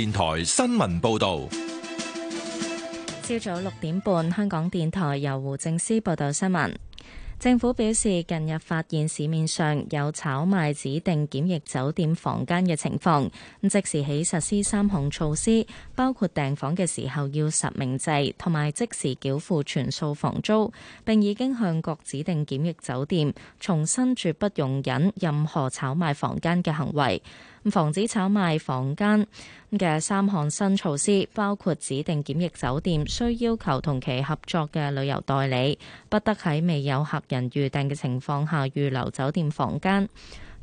電台新聞報道，朝早六點半，香港電台由胡正思報道新聞。政府表示，近日發現市面上有炒賣指定檢疫酒店房間嘅情況，即時起實施三項措施，包括訂房嘅時候要實名制，同埋即時繳付全數房租，並已經向各指定檢疫酒店重申絕不容忍任何炒賣房間嘅行為。防止炒賣房間嘅三項新措施，包括指定檢疫酒店，需要求同其合作嘅旅遊代理不得喺未有客人預訂嘅情況下預留酒店房間。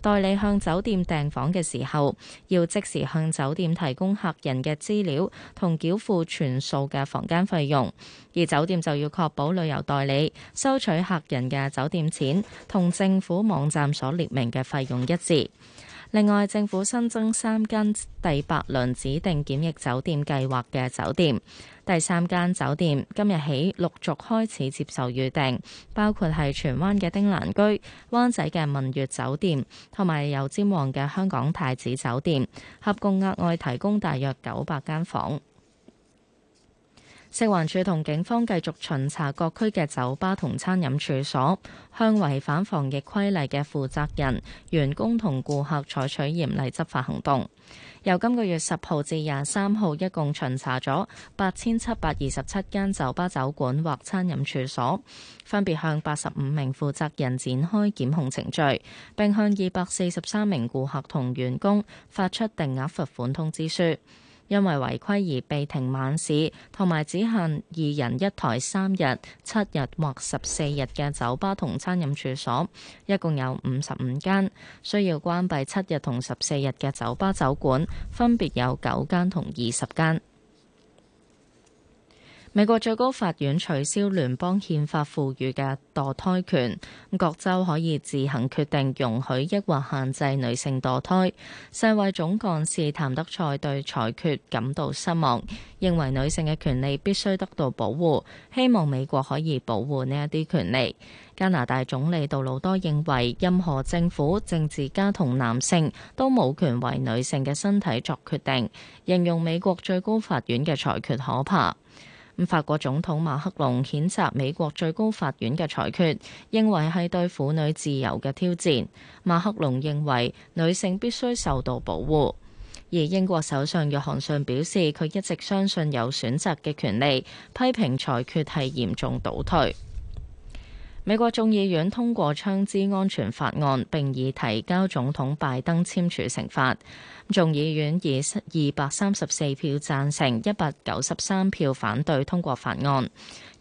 代理向酒店訂房嘅時候，要即時向酒店提供客人嘅資料同繳付全數嘅房間費用，而酒店就要確保旅遊代理收取客人嘅酒店錢同政府網站所列明嘅費用一致。另外，政府新增三間第八輪指定檢疫酒店計劃嘅酒店，第三間酒店今日起陸續開始接受預訂，包括係荃灣嘅丁蘭居、灣仔嘅文悅酒店同埋油尖旺嘅香港太子酒店，合共額外提供大約九百間房間。食環署同警方繼續巡查各區嘅酒吧同餐飲處所，向違反防疫規例嘅負責人、員工同顧客採取嚴厲執法行動。由今個月十號至廿三號，一共巡查咗八千七百二十七間酒吧酒館或餐飲處所，分別向八十五名負責人展開檢控程序，並向二百四十三名顧客同員工發出定額罰款通知書。因為違規而被停晚市，同埋只限二人一台三日，七日或十四日嘅酒吧同餐飲處所，一共有五十五間，需要關閉七日同十四日嘅酒吧酒館，分別有九間同二十間。美國最高法院取消聯邦憲法賦予嘅墮胎權，各州可以自行決定容許抑或限制女性墮胎。世衛總幹事譚德賽對裁決感到失望，認為女性嘅權利必須得到保護，希望美國可以保護呢一啲權利。加拿大總理杜魯多認為任何政府、政治家同男性都冇權為女性嘅身體作決定，形容美國最高法院嘅裁決可怕。法國總統馬克龍譴責美國最高法院嘅裁決，認為係對婦女自由嘅挑戰。馬克龍認為女性必須受到保護，而英國首相約翰遜表示佢一直相信有選擇嘅權利，批評裁決係嚴重倒退。美國眾議院通過槍支安全法案，並已提交總統拜登簽署成法。眾議院以二百三十四票贊成、一百九十三票反對通過法案，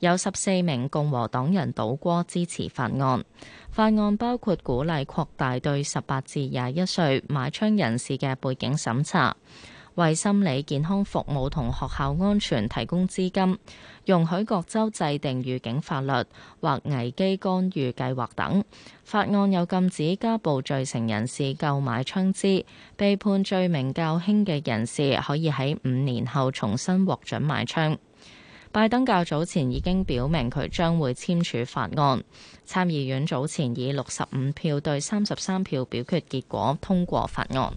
有十四名共和黨人倒戈支持法案。法案包括鼓勵擴大對十八至廿一歲買槍人士嘅背景審查，為心理健康服務同學校安全提供資金。容許各州制定預警法律或危機干預計劃等法案，又禁止家暴罪成人士購買槍支，被判罪名較輕嘅人士可以喺五年後重新獲准買槍。拜登較早前已經表明佢將會簽署法案，參議院早前以六十五票對三十三票表決結果通過法案。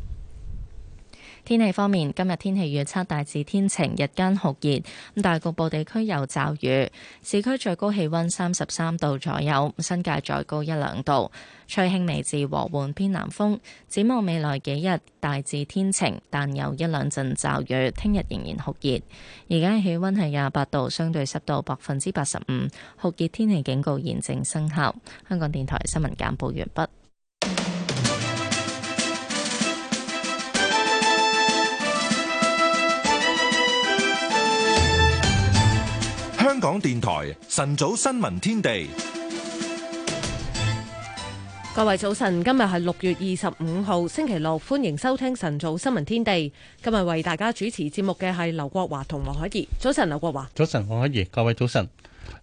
天氣方面，今日天氣預測大致天晴，日間酷熱，咁但局部地區有驟雨。市區最高氣溫三十三度左右，新界再高一兩度。吹輕微至和緩偏南風。展望未來幾日，大致天晴，但有一兩陣驟雨。聽日仍然酷熱。而家氣溫係廿八度，相對濕度百分之八十五，酷熱天氣警告現正生效。香港電台新聞簡報完畢。香港電台晨早新聞天地，各位早晨，今日係六月二十五號星期六，歡迎收聽晨早新聞天地。今日為大家主持節目嘅係劉國華同黃海怡。早晨，劉國華。早晨，黃海怡。各位早晨。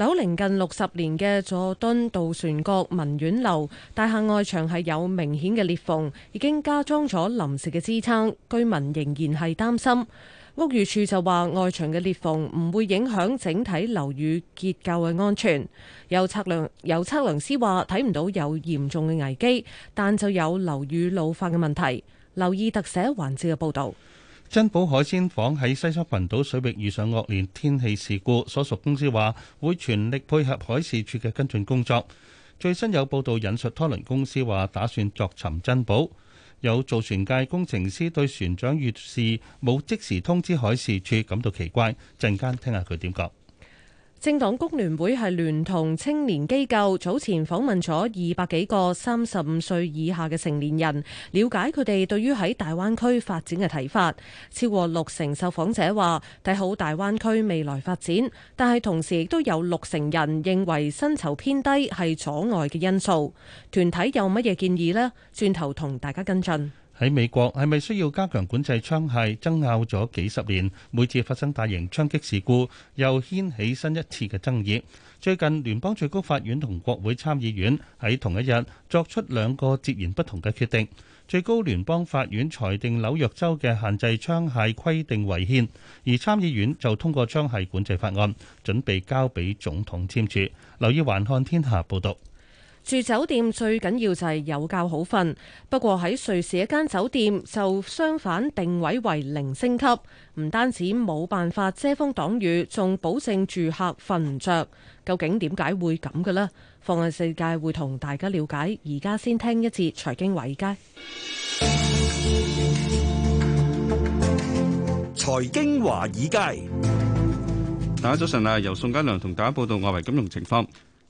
樓齡近六十年嘅佐敦渡船角文苑樓大廈外牆係有明顯嘅裂縫，已經加裝咗臨時嘅支撐，居民仍然係擔心。屋宇署就話外牆嘅裂縫唔會影響整體樓宇結構嘅安全。有測量有測量師話睇唔到有嚴重嘅危機，但就有樓宇老化嘅問題。留意特寫環節嘅報道。珍寶海鮮舫喺西沙群島水域遇上惡劣天氣事故，所屬公司話會全力配合海事處嘅跟進工作。最新有報道引述拖輪公司話打算作沉珍寶，有造船界工程師對船長遇事冇即時通知海事處感到奇怪。陣間聽下佢點講。政黨工聯會係聯同青年機構早前訪問咗二百幾個三十五歲以下嘅成年人，了解佢哋對於喺大灣區發展嘅睇法。超過六成受訪者話睇好大灣區未來發展，但係同時亦都有六成人認為薪酬偏低係阻礙嘅因素。團體有乜嘢建議呢？轉頭同大家跟進。喺美國係咪需要加強管制槍械，爭拗咗幾十年，每次發生大型槍擊事故又掀起新一次嘅爭議。最近聯邦最高法院同國會參議院喺同一日作出兩個截然不同嘅決定。最高聯邦法院裁定紐約州嘅限制槍械規定違憲，而參議院就通過槍械管制法案，準備交俾總統簽署。留意環看天下報道。住酒店最緊要就係有覺好瞓，不過喺瑞士一間酒店就相反，定位為零星級，唔單止冇辦法遮風擋雨，仲保證住客瞓唔着。究竟點解會咁嘅呢？放眼世界會同大家了解。而家先聽一節財經華爾街。財經華爾街，大家早晨啊！由宋嘉良同大家報道外圍金融情況。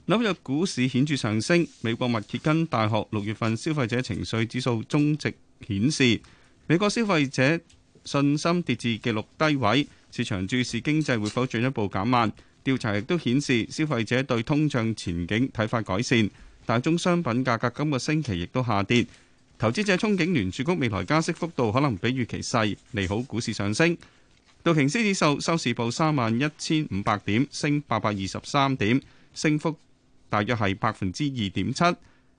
紐約股市顯著上升，美國密歇根大學六月份消費者情緒指數終值顯示，美國消費者信心跌至紀錄低位，市場注視經濟會否進一步減慢。調查亦都顯示消費者對通脹前景睇法改善，大宗商品價格今個星期亦都下跌，投資者憧憬聯儲局未來加息幅度可能比預期細，利好股市上升。道瓊斯指數收市報三萬一千五百點，升八百二十三點，升幅。大約係百分之二點七。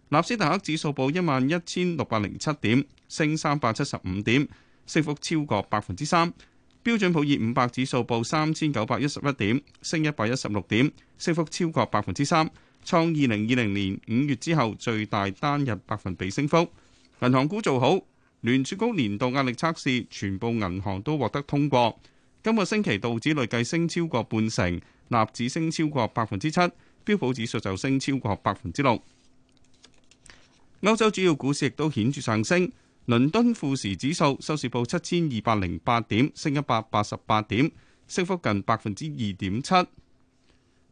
納斯達克指數報一萬一千六百零七點，升三百七十五點，升幅超過百分之三。標準普爾五百指數報三千九百一十一點，升一百一十六點，升幅超過百分之三，創二零二零年五月之後最大單日百分比升幅。銀行股做好，聯儲局年度壓力測試，全部銀行都獲得通過。今個星期道指累計升超過半成，納指升超過百分之七。標普指數就升超過百分之六，歐洲主要股市亦都顯著上升。倫敦富時指數收市報七千二百零八點，升一百八十八點，升幅近百分之二點七。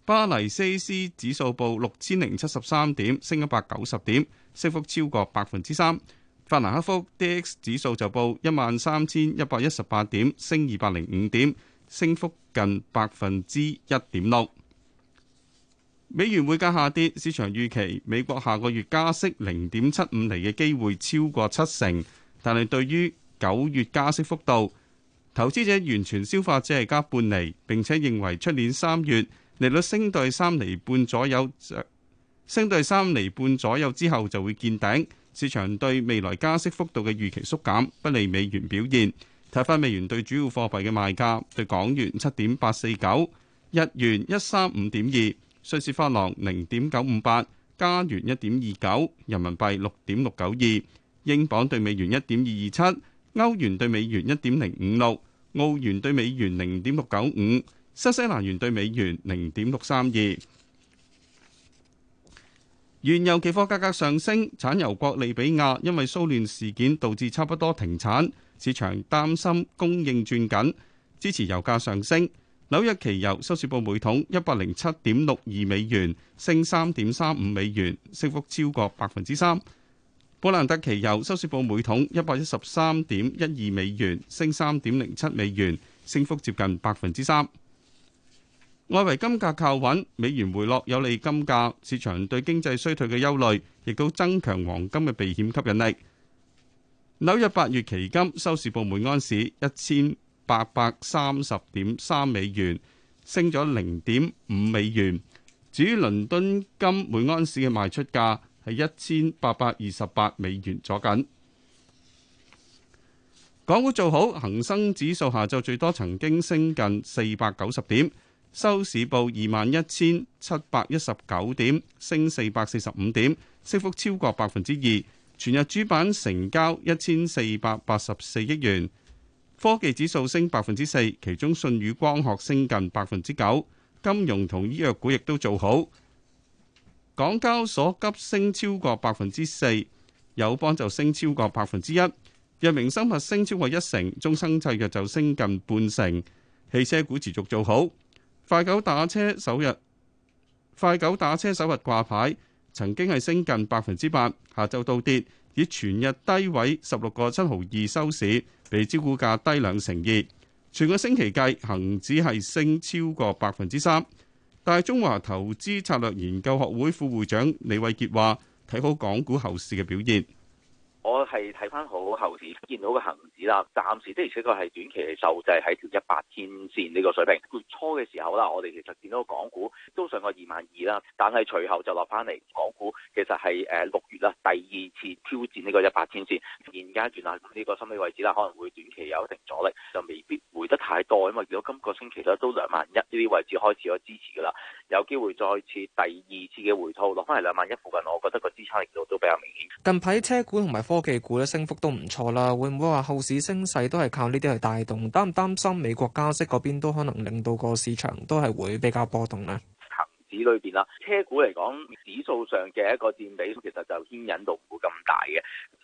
巴黎 CAC 指數報六千零七十三點，升一百九十點，升幅超過百分之三。法蘭克福 DAX 指數就報一萬三千一百一十八點，升二百零五點，升幅近百分之一點六。美元匯價下跌，市場預期美國下個月加息零點七五厘嘅機會超過七成，但係對於九月加息幅度，投資者完全消化只係加半厘，並且認為出年三月利率升到三厘半左右，呃、升到三厘半左右之後就會見頂。市場對未來加息幅度嘅預期縮減，不利美元表現。睇翻美元對主要貨幣嘅賣價，對港元七點八四九，日元一三五點二。瑞士法郎零點九五八，加元一點二九，人民幣六點六九二，英鎊對美元一點二二七，歐元對美元一點零五六，澳元對美元零點六九五，新西蘭元對美元零點六三二。原油期貨價格上升，產油國利比亞因為騷亂事件導致差不多停產，市場擔心供應轉緊，支持油價上升。紐約期油收市報每桶一百零七點六二美元，升三點三五美元，升幅超過百分之三。布蘭特期油收市報每桶一百一十三點一二美元，升三點零七美元，升幅接近百分之三。外圍金價靠穩，美元回落有利金價，市場對經濟衰退嘅憂慮亦都增強黃金嘅避險吸引力。紐約八月期金收市報每安士一千八百三十點三美元，升咗零點五美元。至於倫敦金每安士嘅賣出價係一千八百二十八美元左右。港股做好，恒生指數下晝最多曾經升近四百九十點，收市報二萬一千七百一十九點，升四百四十五點，升幅超過百分之二。全日主板成交一千四百八十四億元。科技指數升百分之四，其中舜宇光學升近百分之九，金融同醫藥股亦都做好。港交所急升超過百分之四，友邦就升超過百分之一，藥明生物升超過一成，中生製藥就升近半成，汽車股持續做好。快狗打車首日，快狗打車首日掛牌曾經係升近百分之八，下晝倒跌。以全日低位十六個七毫二收市，比招股價低兩成二。全個星期計，恒指係升超過百分之三。大中華投資策略研究學會副會長李偉傑話，睇好港股後市嘅表現。係睇翻好後市，見到個恆指啦，暫時的而且確係短期受制喺條一百天線呢個水平。月初嘅時候啦，我哋其實見到港股都上過二萬二啦，但係隨後就落翻嚟。港股其實係誒六月啦，第二次挑戰呢個一百天線，現階段啦，呢個心理位置啦，可能會短期有一定阻力，就未必回得太多，因為如果今個星期咧都兩萬一呢啲位置開始咗支持噶啦，有機會再次第二次嘅回吐，落翻嚟兩萬一附近，我覺得個支撐力度都比較明顯。近排車股同埋科技股咧，升幅都唔錯啦，會唔會話後市升勢都係靠呢啲去帶動？擔唔擔心美國加息嗰邊都可能令到個市場都係會比較波動呢？恒指裏邊啦，車股嚟講，指數上嘅一個佔比其實就牽引度唔會咁大嘅。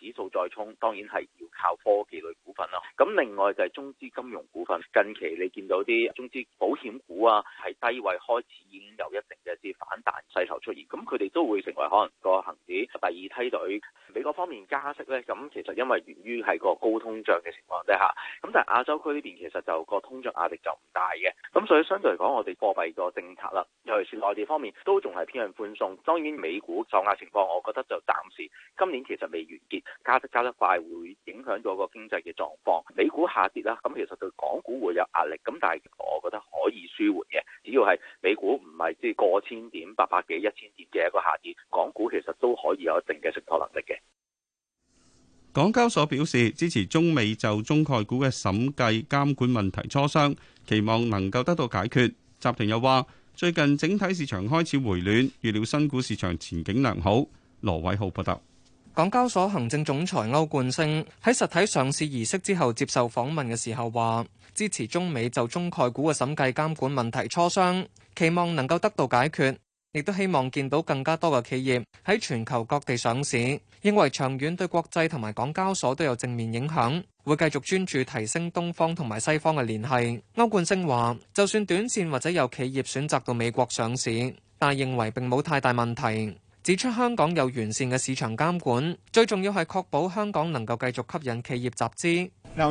指數再衝，當然係要靠科技類股份啦。咁另外就係中資金融股份，近期你見到啲中資保險股啊，係低位開始已經有一定嘅一啲反彈勢頭出現，咁佢哋都會成為可能個恒指第二梯隊。美國方面加息呢，咁其實因為源於係個高通脹嘅情況之下，咁但係亞洲區呢邊其實就個通脹壓力就唔大嘅，咁所以相對嚟講，我哋貨幣個政策啦，尤其是內地方面都仲係偏向寬鬆。當然美股受壓情況，我覺得就暫時今年其實未完結。加得加得快，會影響咗個經濟嘅狀況，美股下跌啦，咁其實對港股會有壓力。咁但係我覺得可以舒緩嘅，只要係美股唔係即係過千點八百幾一千點嘅一個下跌，港股其實都可以有一定嘅承托能力嘅。港交所表示支持中美就中概股嘅審計監管問題磋商，期望能夠得到解決。集團又話最近整體市場開始回暖，預料新股市場前景良好。羅偉浩報道。港交所行政總裁歐冠升喺實體上市儀式之後接受訪問嘅時候話，支持中美就中概股嘅審計監管問題磋商，期望能夠得到解決，亦都希望見到更加多嘅企業喺全球各地上市，認為長遠對國際同埋港交所都有正面影響，會繼續專注提升東方同埋西方嘅聯繫。歐冠升話，就算短線或者有企業選擇到美國上市，但認為並冇太大問題。指出香港有完善嘅市場監管，最重要係確保香港能夠繼續吸引企業集資。Now,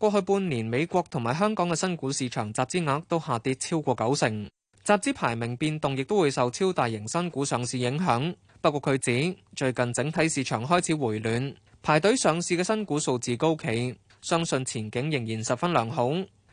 過去半年，美國同埋香港嘅新股市場集資額都下跌超過九成，集資排名變動亦都會受超大型新股上市影響。不過佢指，最近整體市場開始回暖，排隊上市嘅新股數字高企，相信前景仍然十分良好。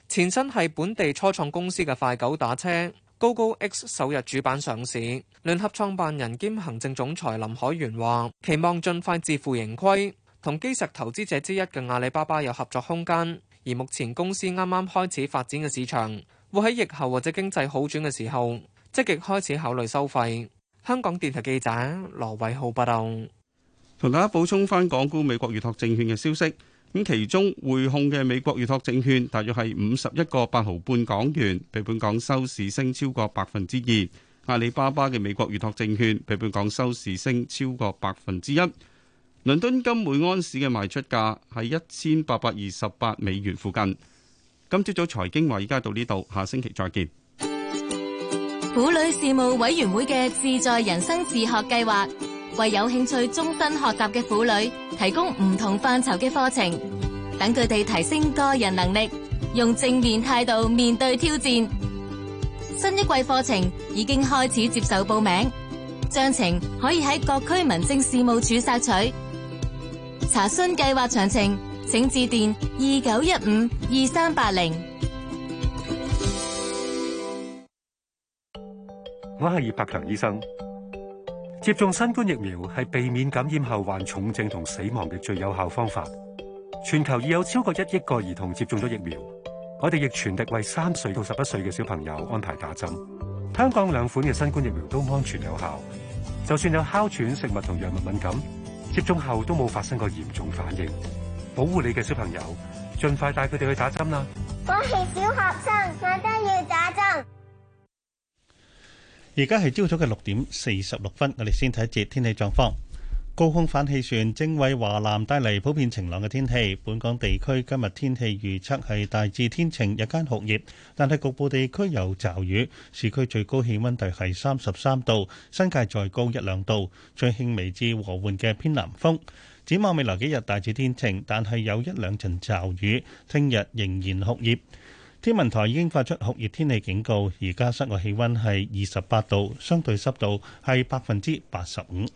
前身係本地初創公司嘅快狗打車，高高 X 首日主板上市，聯合創辦人兼行政總裁林海源話：期望盡快自負盈虧。同基石投資者之一嘅阿里巴巴有合作空間，而目前公司啱啱開始發展嘅市場，會喺疫後或者經濟好轉嘅時候，積極開始考慮收費。香港電台記者羅偉浩報道。同大家補充翻港股美國預託證券嘅消息，咁其中匯控嘅美國預託證券大約係五十一個八毫半港元，比本港收市升超過百分之二。阿里巴巴嘅美國預託證券比本港收市升超過百分之一。倫敦金每安士嘅賣出價係一千八百二十八美元附近。今朝早財經話依家到呢度，下星期再見。婦女事務委員會嘅自在人生自學計劃，為有興趣終身學習嘅婦女提供唔同範疇嘅課程，等佢哋提升個人能力，用正面態度面對挑戰。新一季課程已經開始接受報名，詳情可以喺各區民政事務處索取。查詢計劃詳情，請致電二九一五二三八零。我係葉柏強醫生，接種新冠疫苗係避免感染後患重症同死亡嘅最有效方法。全球已有超過一億個兒童接種咗疫苗，我哋亦全力為三歲到十一歲嘅小朋友安排打針。香港兩款嘅新冠疫苗都安全有效，就算有哮喘、食物同藥物敏感。接種後都冇發生過嚴重反應，保護你嘅小朋友，盡快帶佢哋去打針啦。我係小學生，我都要打針。而家係朝早嘅六點四十六分，我哋先睇一節天氣狀況。高空反氣旋正為華南帶嚟普遍晴朗嘅天氣。本港地區今日天氣預測係大致天晴，日間酷熱，但係局部地區有驟雨。市區最高氣溫地係三十三度，新界再高一兩度。吹輕微至和緩嘅偏南風。展望未來幾日大致天晴，但係有一兩陣驟雨。聽日仍然酷熱。天文台已經發出酷熱天氣警告。而家室外氣温係二十八度，相對濕度係百分之八十五。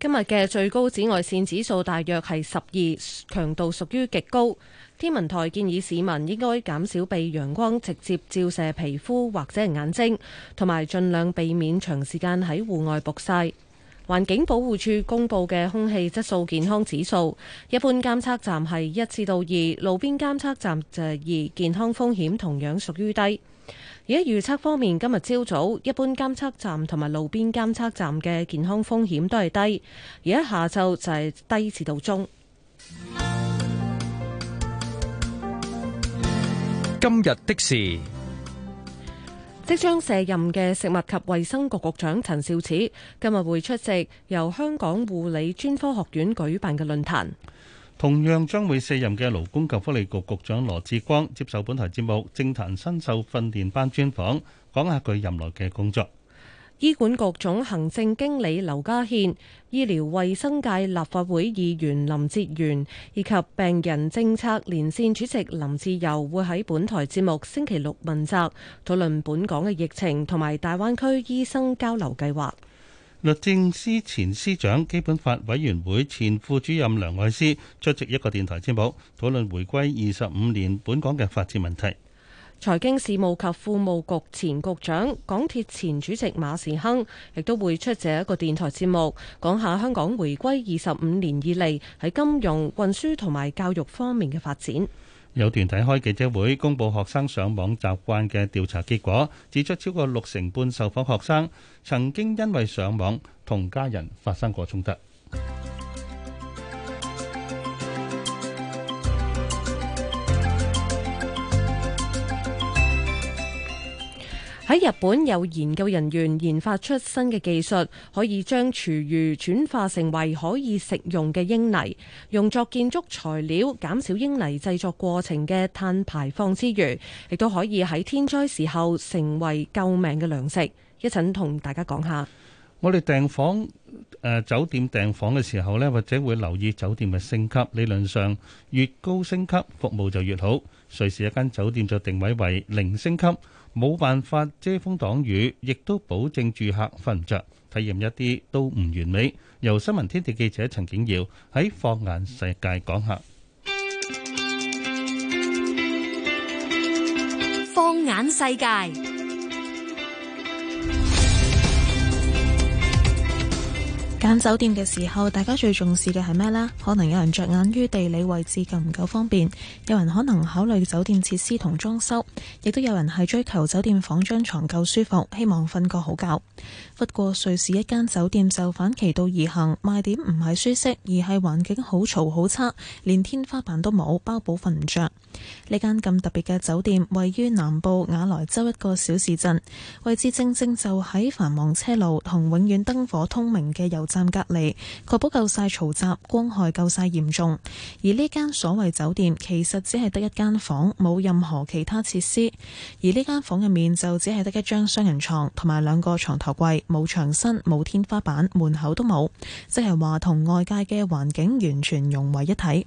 今日嘅最高紫外線指數大約係十二，強度屬於極高。天文台建議市民應該減少被陽光直接照射皮膚或者眼睛，同埋盡量避免長時間喺戶外曝曬。環境保護署公布嘅空氣質素健康指數，一般監測站係一至到二，路邊監測站就二，健康風險同樣屬於低。而家預測方面，今日朝早一般監測站同埋路邊監測站嘅健康風險都係低，而喺下晝就係低至到中。今日的事，即將卸任嘅食物及衛生局局長陳肇始今日會出席由香港護理專科學院舉辦嘅論壇。同樣將會卸任嘅勞工及福利局局長羅致光接受本台節目政壇新秀訓練班專訪，講下佢任內嘅工作。醫管局總行政經理劉家軒、醫療衛生界立法會議員林哲玄，以及病人政策連線主席林志遊會喺本台節目星期六問責，討論本港嘅疫情同埋大灣區醫生交流計劃。律政司前司長、基本法委員會前副主任梁愛詩出席一個電台節目，討論回歸二十五年本港嘅發展問題。財經事務及庫務局前局長、港鐵前主席馬時亨亦都會出席一個電台節目，講下香港回歸二十五年以嚟喺金融、運輸同埋教育方面嘅發展。有團體開記者會公佈學生上網習慣嘅調查結果，指出超過六成半受訪學生曾經因為上網同家人發生過衝突。喺日本有研究人員研發出新嘅技術，可以將廚餘轉化成為可以食用嘅英泥，用作建築材料，減少英泥製作過程嘅碳排放之餘，亦都可以喺天災時候成為救命嘅糧食。一陣同大家講下。我哋訂房誒、呃、酒店訂房嘅時候呢，或者會留意酒店嘅星級。理論上越高星級，服務就越好。瑞士一間酒店就定位為零星級。冇辦法遮風擋雨，亦都保證住客瞓唔著，體驗一啲都唔完美。由新聞天地記者陳景耀喺《放眼世界》講下。放眼世界。揀酒店嘅時候，大家最重視嘅係咩呢？可能有人着眼於地理位置夠唔夠方便，有人可能考慮酒店設施同裝修，亦都有人係追求酒店房張床夠舒服，希望瞓個好覺。不過瑞士一間酒店就反其道而行，賣點唔係舒適，而係環境好嘈好差，連天花板都冇，包保瞓唔着。呢間咁特別嘅酒店位於南部瓦萊州一個小市鎮，位置正正就喺繁忙車路同永遠燈火通明嘅油站隔籬，確保夠晒嘈雜，光害夠晒嚴重。而呢間所謂酒店其實只係得一間房，冇任何其他設施，而呢間房入面就只係得一張雙人床同埋兩個床頭櫃。冇牆身，冇天花板，門口都冇，即係話同外界嘅環境完全融為一體。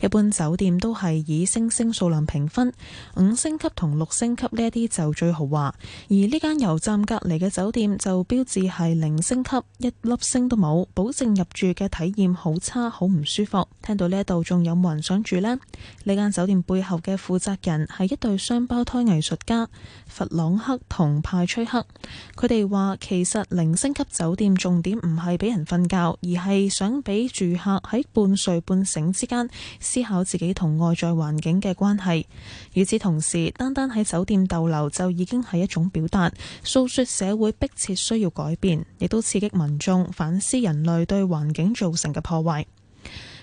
一般酒店都係以星星數量評分，五星級同六星級呢一啲就最豪華。而呢間油站隔籬嘅酒店就標誌係零星級，一粒星都冇，保證入住嘅體驗好差，好唔舒服。聽到呢一度仲有冇人想住呢？呢間酒店背後嘅負責人係一對雙胞胎藝術家弗朗克同派崔克。佢哋話其實零星級酒店重點唔係俾人瞓覺，而係想俾住客喺半睡半醒之間。思考自己同外在環境嘅關係。與此同時，單單喺酒店逗留就已經係一種表達，訴説社會迫切需要改變，亦都刺激民眾反思人類對環境造成嘅破壞。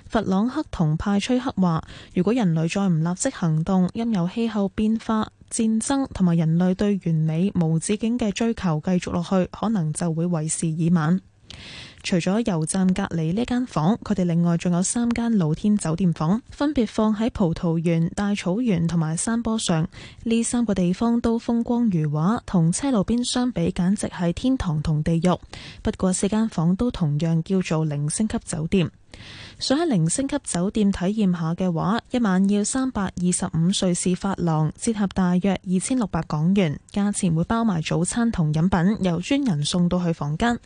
弗朗克同派崔克話，如果人類再唔立即行動，任由氣候變化、戰爭同埋人類對完美無止境嘅追求繼續落去，可能就會為時已晚。除咗油站隔離呢間房，佢哋另外仲有三間露天酒店房，分別放喺葡萄園、大草原同埋山坡上。呢三個地方都風光如畫，同車路邊相比，簡直係天堂同地獄。不過四間房都同樣叫做零星級酒店。想喺零星級酒店體驗下嘅話，一晚要三百二十五瑞士法郎，折合大約二千六百港元。價錢會包埋早餐同飲品，由專人送到去房間。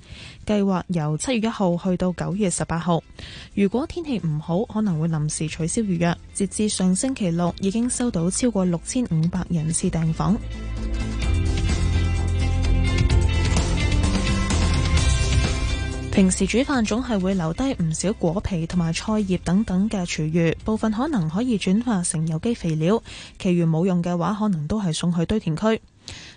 計劃由七月一號去到九月十八號。如果天氣唔好，可能會臨時取消預約。截至上星期六，已經收到超過六千五百人次訂房。平時煮飯總係會留低唔少果皮同埋菜葉等等嘅廚餘，部分可能可以轉化成有機肥料，其餘冇用嘅話，可能都係送去堆填區。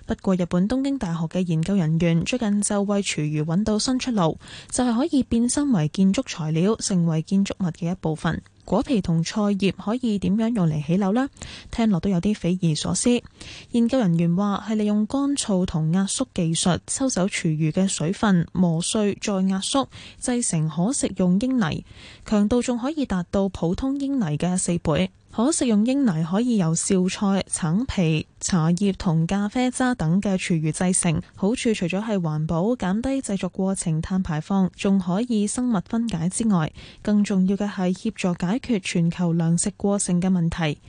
不過，日本東京大學嘅研究人員最近就為廚餘揾到新出路，就係可以變身為建築材料，成為建築物嘅一部分。果皮同菜葉可以點樣用嚟起樓呢？聽落都有啲匪夷所思。研究人員話係利用乾燥同壓縮技術，抽走廚餘嘅水分，磨碎再壓縮，製成可食用英泥，強度仲可以達到普通英泥嘅四倍。可食用英泥可以由紹菜、橙皮、茶葉同咖啡渣等嘅廚餘製成，好處除咗係環保、減低製作過程碳排放，仲可以生物分解之外，更重要嘅係協助解決全球糧食過剩嘅問題，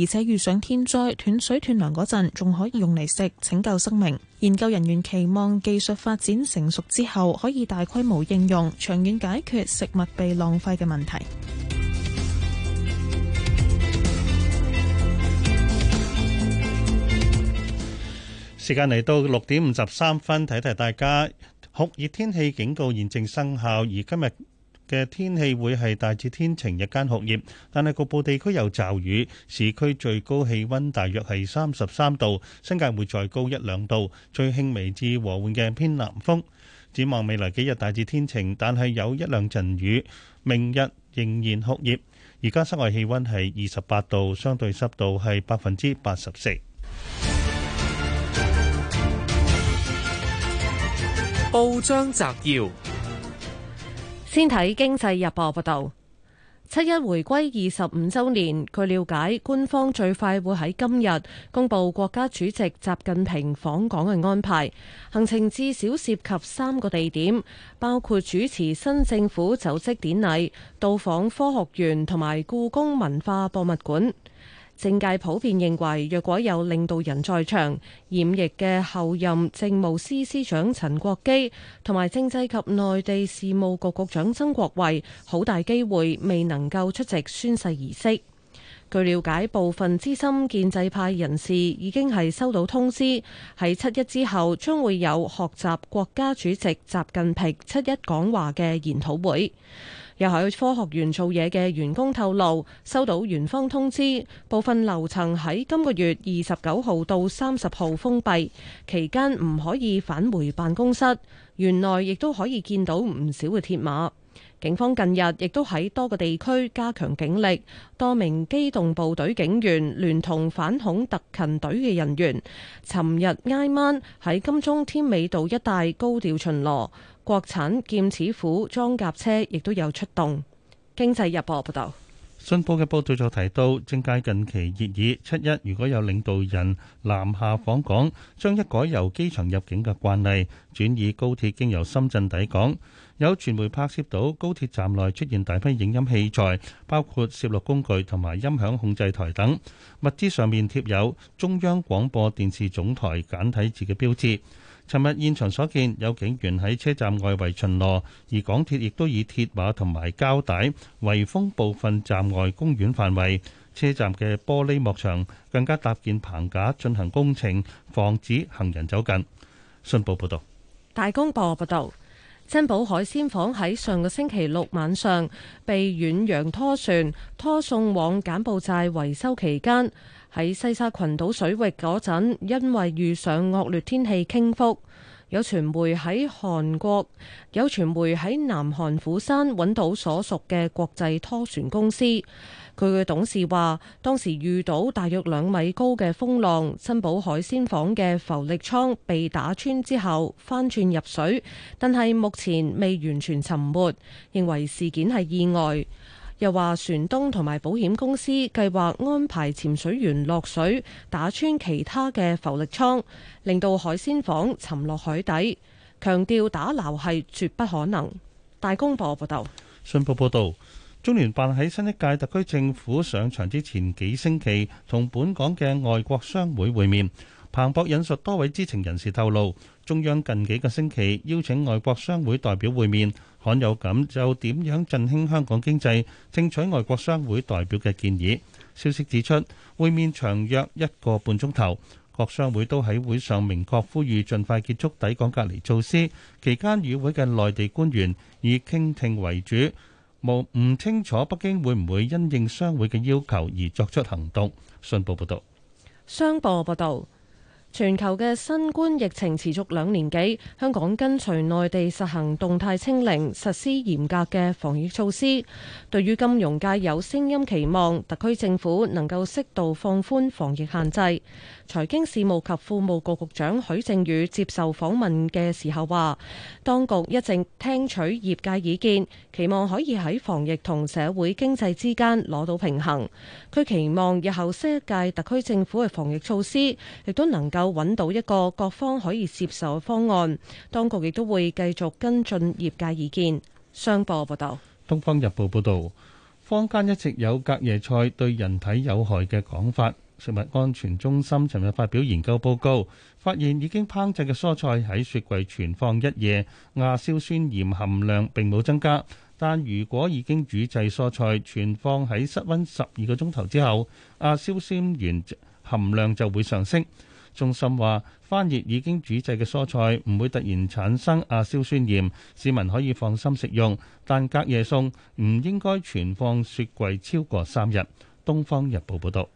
而且遇上天災斷水斷糧嗰陣，仲可以用嚟食拯救生命。研究人員期望技術發展成熟之後可以大規模應用，長遠解決食物被浪費嘅問題。時間嚟到六點五十三分，睇睇大家酷熱天氣警告現正生效，而今日嘅天氣會係大致天晴，日間酷熱，但係局部地區有驟雨。市區最高氣温大約係三十三度，新界會再高一兩度，吹輕微至和緩嘅偏南風。展望未來幾日大致天晴，但係有一兩陣雨。明日仍然酷熱，而家室外氣温係二十八度，相對濕度係百分之八十四。報章摘要，先睇《經濟日報》報道：七一回歸二十五周年，據了解，官方最快會喺今日公布國家主席習近平訪港嘅安排，行程至少涉及三個地點，包括主持新政府就職典禮、到訪科學園同埋故宮文化博物館。政界普遍認為，若果有領導人在場，染疫嘅後任政務司司長陳國基同埋政制及內地事務局局長曾國衛，好大機會未能夠出席宣誓儀式。據了解，部分資深建制派人士已經係收到通知，喺七一之後將會有學習國家主席習近平七一講話嘅研討會。又喺科學園做嘢嘅員工透露，收到園方通知，部分樓層喺今個月二十九號到三十號封閉，期間唔可以返回辦公室。園內亦都可以見到唔少嘅鐵馬。警方近日亦都喺多個地區加強警力，多名機動部隊警員聯同反恐特勤隊嘅人員，尋日挨晚喺金鐘添美道一帶高調巡邏。國產劍齒虎裝甲車亦都有出動。經濟日報報道，信報嘅報道就提到，政界近期熱議，七一如果有領導人南下訪港，將一改由機場入境嘅慣例，轉移高鐵經由深圳抵港。有傳媒拍攝到高鐵站內出現大批影音器材，包括攝錄工具同埋音響控制台等，物資上面貼有中央廣播電視總台簡體字嘅標誌。尋日現場所見，有警員喺車站外圍巡邏，而港鐵亦都以鐵馬同埋膠帶圍封部分站外公園範圍，車站嘅玻璃幕牆更加搭建棚架進行工程，防止行人走近。信報報道，大公報報道，珍寶海鮮舫喺上個星期六晚上被遠洋拖船拖送往柬埔寨維修期間，喺西沙群島水域嗰陣，因為遇上惡劣天氣傾覆，有傳媒喺韓國，有傳媒喺南韓釜山揾到所屬嘅國際拖船公司。佢嘅董事話，當時遇到大約兩米高嘅風浪，珍寶海鮮舫嘅浮力艙被打穿之後翻轉入水，但係目前未完全沉沒，認為事件係意外。又話船東同埋保險公司計劃安排潛水員落水，打穿其他嘅浮力艙，令到海鮮舫沉落海底。強調打撈係絕不可能。大公報報道。信報報道，中聯辦喺新一屆特區政府上場之前幾星期，同本港嘅外國商會會面。彭博引述多位知情人士透露，中央近幾個星期邀請外國商會代表會面。罕有咁就點樣振興香港經濟，聽取外國商會代表嘅建議。消息指出，會面長約一個半鐘頭，各商會都喺會上明確呼籲盡快結束抵港隔離措施。期間與會嘅內地官員以傾聽為主，無唔清楚北京會唔會因應商會嘅要求而作出行動。信報報導，商報報導。全球嘅新冠疫情持續兩年幾，香港跟隨內地實行動態清零，實施嚴格嘅防疫措施。對於金融界有聲音期望特區政府能夠適度放寬防疫限制。財經事務及庫務局局長許正宇接受訪問嘅時候話，當局一直聽取業界意見，期望可以喺防疫同社會經濟之間攞到平衡。佢期望日後新一屆特區政府嘅防疫措施亦都能夠揾到一個各方可以接受嘅方案。當局亦都會繼續跟進業界意見。商報報道，《東方日報》報道，坊間一直有隔夜菜對人體有害嘅講法。食物安全中心尋日發表研究報告，發現已經烹製嘅蔬菜喺雪櫃存放一夜，亞硝酸鹽含量並冇增加。但如果已經煮製蔬菜存放喺室溫十二個鐘頭之後，亞硝酸鹽含量就會上升。中心話，翻熱已經煮製嘅蔬菜唔會突然產生亞硝酸鹽，市民可以放心食用。但隔夜餸唔應該存放雪櫃超過三日。《東方日報》報導。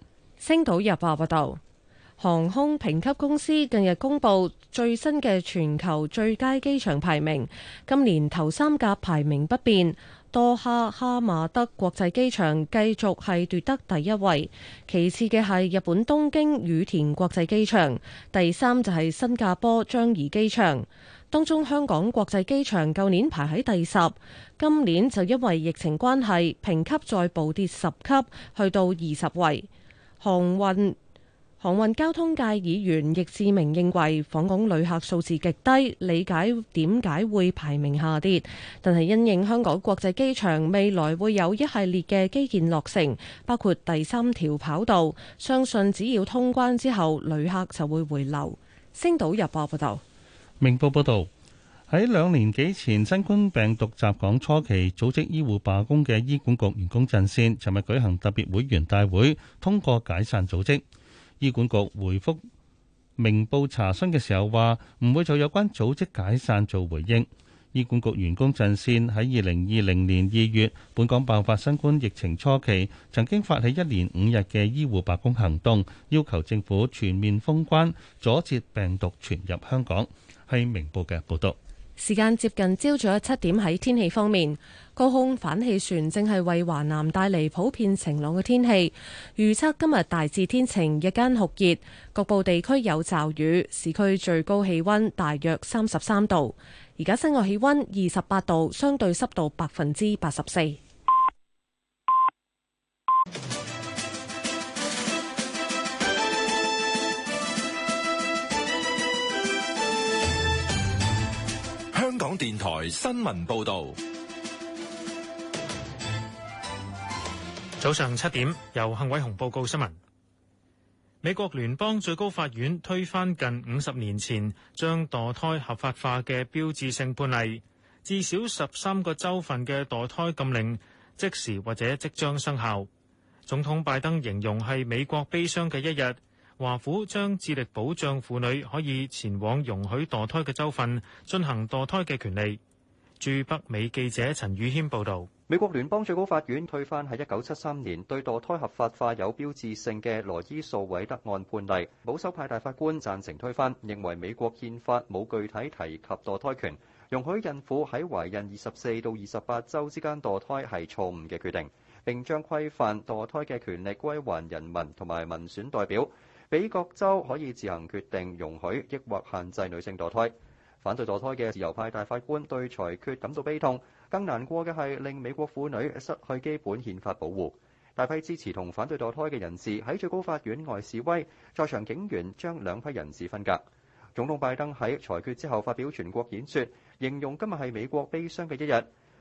星島日報報道，航空評級公司近日公布最新嘅全球最佳機場排名。今年頭三甲排名不變，多哈哈馬德國際機場繼續係奪得第一位，其次嘅係日本東京羽田國際機場，第三就係新加坡樟宜機場。當中香港國際機場舊年排喺第十，今年就因為疫情關係評級再暴跌十級，去到二十位。航運航運交通界議員易志明認為，訪港旅客數字極低，理解點解會排名下跌，但係因應香港國際機場未來會有一系列嘅基建落成，包括第三條跑道，相信只要通關之後，旅客就會回流。星島日報啊，報道，明報報道。喺兩年幾前，新冠病毒襲港初期，組織醫護罷工嘅醫管局員工陣線，尋日舉行特別會員大會，通過解散組織。醫管局回覆明報查詢嘅時候話，唔會就有關組織解散做回應。醫管局員工陣線喺二零二零年二月，本港爆發新冠疫情初期，曾經發起一連五日嘅醫護罷工行動，要求政府全面封關，阻截病毒傳入香港。係明報嘅報道。時間接近朝早七點，喺天氣方面，高空反氣旋正係為華南帶嚟普遍晴朗嘅天氣。預測今日大致天晴，日間酷熱，局部地區有驟雨。市區最高氣溫大約三十三度。而家室外氣溫二十八度，相對濕度百分之八十四。香港電台新聞報道：早上七點，由幸偉雄報告新聞。美國聯邦最高法院推翻近五十年前將墮胎合法化嘅標誌性判例，至少十三個州份嘅墮胎禁令即時或者即將生效。總統拜登形容係美國悲傷嘅一日。華府將致力保障婦女可以前往容許墮胎嘅州份進行墮胎嘅權利。駐北美記者陳宇軒報導，美國聯邦最高法院推翻喺一九七三年對墮胎合法化有標誌性嘅羅伊訴韋德案判例。保守派大法官贊成推翻，認為美國憲法冇具體提及墮胎權，容許孕婦喺懷孕二十四到二十八週之間墮胎係錯誤嘅決定，並將規範墮胎嘅權力歸還人民同埋民選代表。俾各州可以自行決定容許抑或限制女性墮胎。反對墮胎嘅自由派大法官對裁決感到悲痛，更難過嘅係令美國婦女失去基本憲法保護。大批支持同反對墮胎嘅人士喺最高法院外示威，在場警員將兩批人士分隔。總統拜登喺裁決之後發表全國演說，形容今日係美國悲傷嘅一日。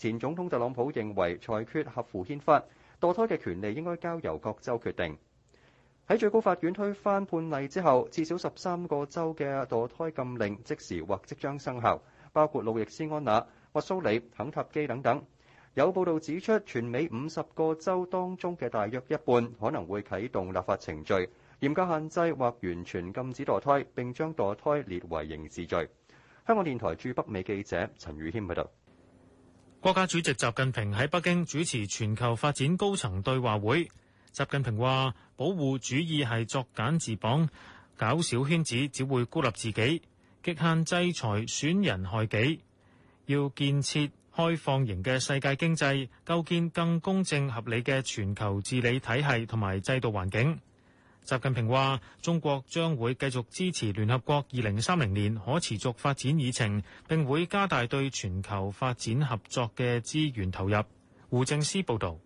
前總統特朗普認為裁決合乎憲法，墮胎嘅權利應該交由各州決定。喺最高法院推翻判例之後，至少十三個州嘅墮胎禁令即時或即將生效，包括路易斯安那、密蘇里、肯塔基等等。有報道指出，全美五十個州當中嘅大約一半可能會啟動立法程序，嚴格限制或完全禁止墮胎，並將墮胎列為刑事罪。香港電台駐北美記者陳宇謙喺度。國家主席習近平喺北京主持全球發展高層對話會。習近平話：保護主義係作繭自縛，搞小圈子只會孤立自己，極限制裁，損人害己。要建設開放型嘅世界經濟，構建更公正合理嘅全球治理體系同埋制度環境。習近平話：中國將會繼續支持聯合國《二零三零年可持續發展議程》，並會加大對全球發展合作嘅資源投入。胡正思報導。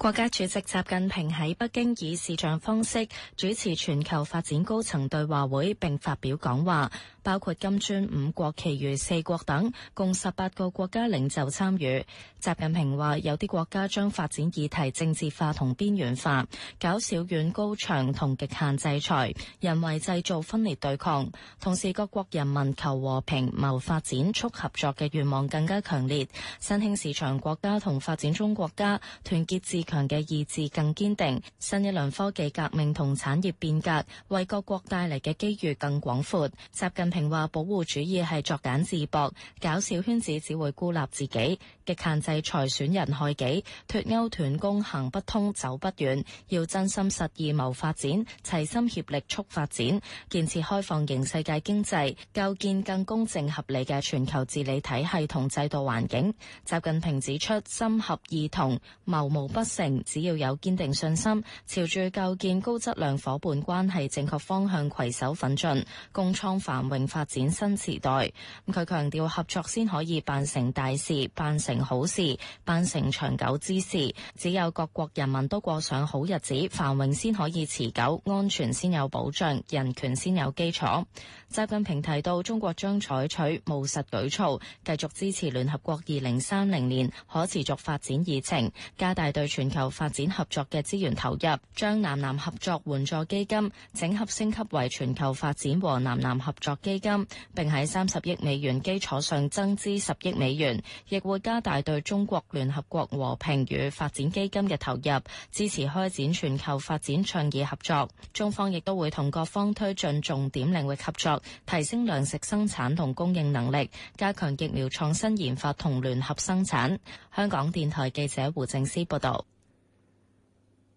國家主席習近平喺北京以視像方式主持全球發展高層對話會，並發表講話。包括金磚五國、其餘四國等共十八個國家領袖參與。習近平話：有啲國家將發展議題政治化同邊緣化，搞小院高牆同極限制裁，人為製造分裂對抗。同時，各國人民求和平、謀發展、促合作嘅願望更加強烈。新興市場國家同發展中國家團結自強嘅意志更堅定，新一輪科技革命同產業變革為各國帶嚟嘅機遇更廣闊。習近平話：保護主義係作繭自縛，搞小圈子只會孤立自己，極限制裁損人害己，脫鈎斷供行不通走不遠。要真心實意謀發展，齊心協力促發展，建設開放型世界經濟，構建更公正合理嘅全球治理體系同制度環境。習近平指出：心合意同，謀無不只要有堅定信心，朝住構建高質量伙伴關係正確方向攜手奮進，共創繁榮發展新時代。佢強調合作先可以辦成大事、辦成好事、辦成長久之事。只有各國人民都過上好日子，繁榮先可以持久，安全先有保障，人權先有基礎。習近平提到，中國將採取務實舉措，繼續支持聯合國二零三零年可持續發展議程，加大對全全球發展合作嘅資源投入，將南南合作援助基金整合升級為全球發展和南南合作基金，並喺三十億美元基礎上增資十億美元，亦會加大對中國聯合國和平與發展基金嘅投入，支持開展全球發展倡議合作。中方亦都會同各方推進重點領域合作，提升糧食生產同供應能力，加強疫苗創新研發同聯合生產。香港電台記者胡正思報道。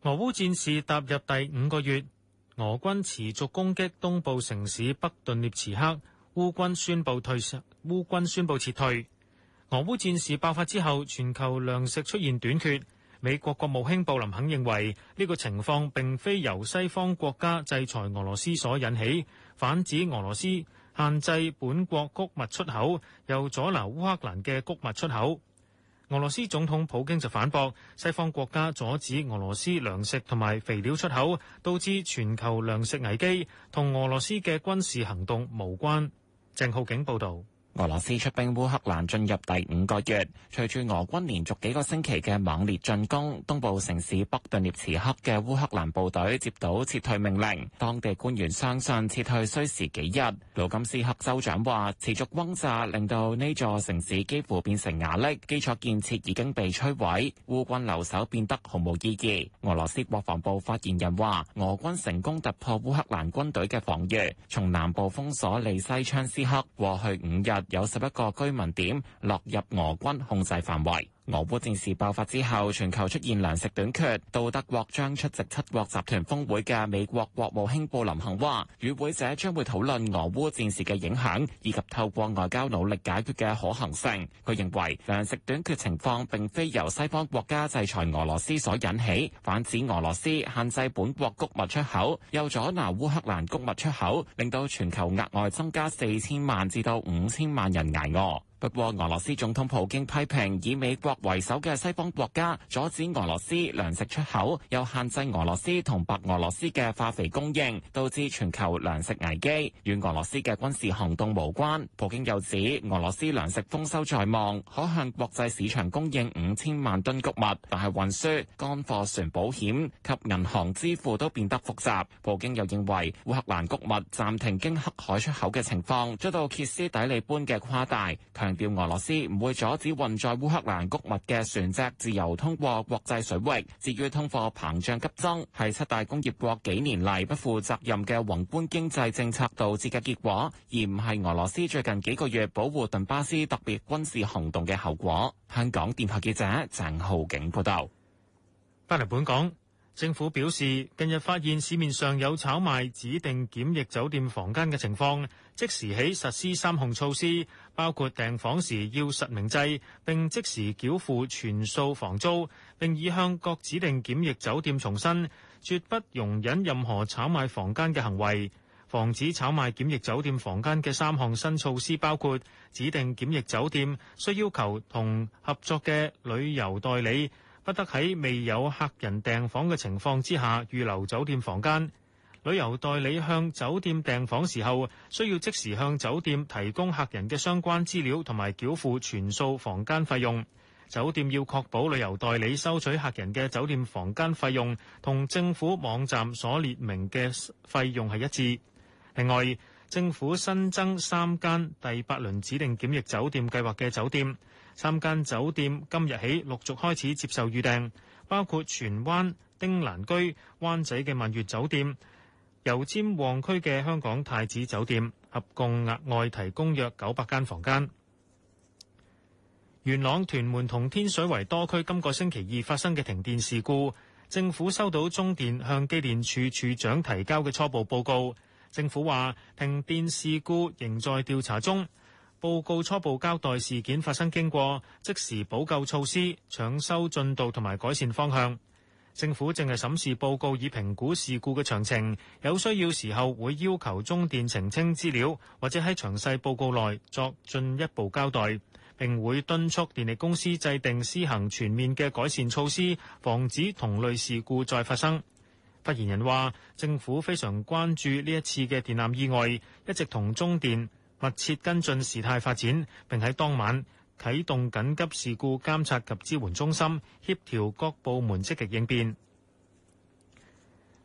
俄烏戰事踏入第五個月，俄軍持續攻擊東部城市北頓涅茨克，烏軍宣布退，烏軍宣布撤退。俄烏戰事爆發之後，全球糧食出現短缺。美國國務卿布林肯認為呢、這個情況並非由西方國家制裁俄羅斯所引起，反指俄羅斯限制本國穀物出口，又阻撓烏克蘭嘅穀物出口。俄羅斯總統普京就反駁，西方國家阻止俄羅斯糧食同埋肥料出口，導致全球糧食危機，同俄羅斯嘅軍事行動無關。鄭浩景報道。俄羅斯出兵烏克蘭進入第五個月，隨住俄軍連續幾個星期嘅猛烈進攻，東部城市北頓涅茨克嘅烏克蘭部隊接到撤退命令。當地官員相信撤退需時幾日。盧甘斯克州長話：持續轟炸令到呢座城市幾乎變成瓦礫，基礎建設已經被摧毀，烏軍留守變得毫無意義。俄羅斯國防部發言人話：俄軍成功突破烏克蘭軍隊嘅防禦，從南部封鎖利西昌斯克。過去五日，有十一個居民點落入俄軍控制範圍。俄烏戰事爆發之後，全球出現糧食短缺。到德國將出席七國集團峰會嘅美國國務卿布林肯話，與會者將會討論俄烏戰事嘅影響以及透過外交努力解決嘅可行性。佢認為糧食短缺情況並非由西方國家制裁俄羅斯所引起，反指俄羅斯限制本國谷物出口，又阻撓烏克蘭谷物出口，令到全球額外增加四千萬至到五千萬人捱餓。不過，俄羅斯總統普京批評以美國為首嘅西方國家阻止俄羅斯糧食出口，又限制俄羅斯同白俄羅斯嘅化肥供應，導致全球糧食危機，與俄羅斯嘅軍事行動無關。普京又指俄羅斯糧食豐收在望，可向國際市場供應五千萬噸穀物，但係運輸、乾貨船保險及銀行支付都變得複雜。普京又認為烏克蘭穀物暫停經黑海出口嘅情況遭到歇斯底里般嘅誇大，強表俄羅斯唔會阻止運載烏克蘭谷物嘅船隻自由通過國際水域。至於通貨膨脹急增，係七大工業國幾年嚟，不負責任嘅宏觀經濟政策導致嘅結果，而唔係俄羅斯最近幾個月保護頓巴斯特別軍事行動嘅後果。香港電台記者鄭浩景報道。翻嚟本港。政府表示，近日發現市面上有炒賣指定檢疫酒店房間嘅情況，即時起實施三項措施，包括訂房時要實名制，並即時繳付全數房租。並已向各指定檢疫酒店重申，絕不容忍任何炒賣房間嘅行為，防止炒賣檢疫酒店房間嘅三項新措施，包括指定檢疫酒店需要求同合作嘅旅遊代理不得喺未有客人訂房嘅情況之下預留酒店房間，旅遊代理向酒店訂房時候，需要即時向酒店提供客人嘅相關資料，同埋繳付全數房間費用。酒店要確保旅遊代理收取客人嘅酒店房間費用同政府網站所列明嘅費用係一致。另外，政府新增三間第八輪指定檢疫酒店計劃嘅酒店。三間酒店今日起陸續開始接受預訂，包括荃灣汀蘭居、灣仔嘅萬悦酒店、油尖旺區嘅香港太子酒店，合共額外提供約九百間房間。元朗屯門同天水圍多區今個星期二發生嘅停電事故，政府收到中電向機電處處長提交嘅初步報告。政府話停電事故仍在調查中。報告初步交代事件發生經過、即時補救措施、搶修進度同埋改善方向。政府正係審視報告，以評估事故嘅詳情。有需要時候會要求中電澄清資料，或者喺詳細報告內作進一步交代。並會敦促電力公司制定施行全面嘅改善措施，防止同類事故再發生。發言人話：政府非常關注呢一次嘅電纜意外，一直同中電。密切跟進事態發展，並喺當晚啟動緊急事故監察及支援中心，協調各部門積極應變。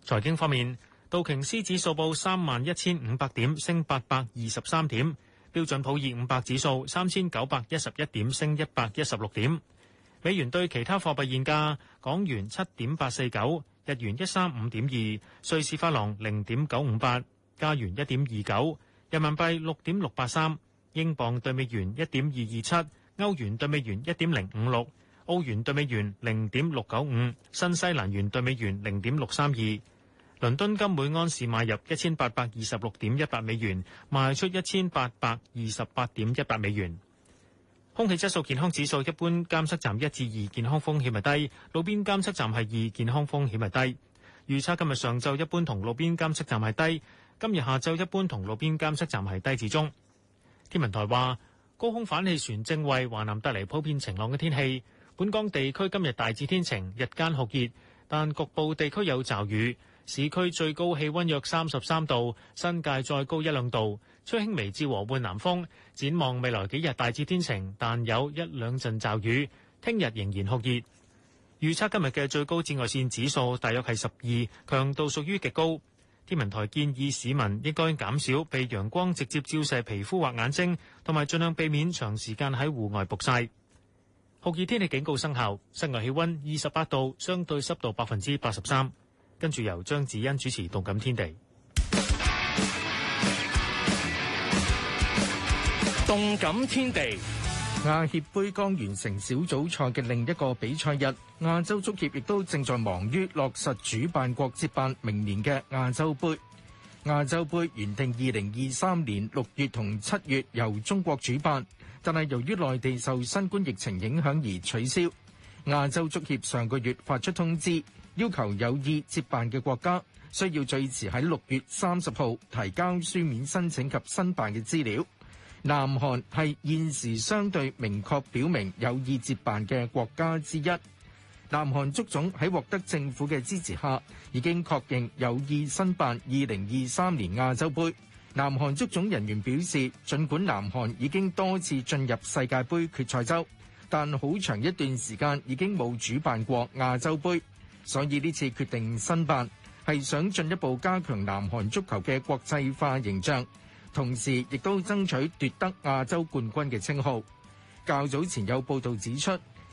財經方面，道瓊斯指數報三萬一千五百點，升八百二十三點；標準普爾五百指數三千九百一十一點，升一百一十六點。美元兌其他貨幣現價：港元七點八四九，日元一三五點二，瑞士法郎零點九五八，加元一點二九。人民幣六點六八三，英鎊對美元一點二二七，歐元對美元一點零五六，澳元對美元零點六九五，新西蘭元對美元零點六三二。倫敦金每安士買入一千八百二十六點一八美元，賣出一千八百二十八點一八美元。空氣質素健康指數，一般監測站一至二，健康風險係低，路邊監測站係二，健康風險係低。預測今日上晝一般同路邊監測站係低。今日下晝一般同路邊監測站係低至中。天文台話高空反氣旋正為華南帶嚟普遍晴朗嘅天氣，本港地區今日大致天晴，日間酷熱，但局部地區有驟雨。市區最高氣溫約三十三度，新界再高一兩度，吹輕微至和緩南風。展望未來幾日大致天晴，但有一兩陣驟雨。聽日仍然酷熱。預測今日嘅最高紫外線指數大約係十二，強度屬於極高。天文台建議市民應該減少被陽光直接照射皮膚或眼睛，同埋盡量避免長時間喺戶外曝曬。酷熱天氣警告生效，室外氣溫二十八度，相對濕度百分之八十三。跟住由張子欣主持《動感天地》。動感天地。亞協盃剛完成小組賽嘅另一個比賽日，亞洲足協亦都正在忙於落實主辦國接辦明年嘅亞洲盃。亞洲盃原定二零二三年六月同七月由中國主辦，但係由於內地受新冠疫情影響而取消。亞洲足協上個月發出通知，要求有意接辦嘅國家需要最遲喺六月三十號提交書面申請及申辦嘅資料。南韓係現時相對明確表明有意接辦嘅國家之一。南韓足總喺獲得政府嘅支持下，已經確認有意申辦二零二三年亞洲盃。南韓足總人員表示，儘管南韓已經多次進入世界盃決賽周，但好長一段時間已經冇主辦過亞洲盃。所以呢次決定申辦係想進一步加強南韓足球嘅國際化形象。同時，亦都爭取奪得亞洲冠軍嘅稱號。較早前有報道指出，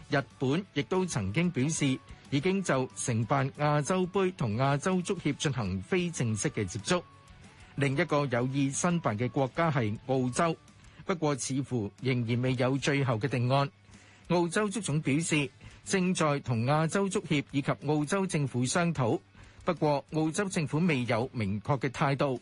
日本亦都曾經表示已經就承辦亞洲盃同亞洲足協進行非正式嘅接觸。另一個有意申辦嘅國家係澳洲，不過似乎仍然未有最後嘅定案。澳洲足總表示正在同亞洲足協以及澳洲政府商討，不過澳洲政府未有明確嘅態度。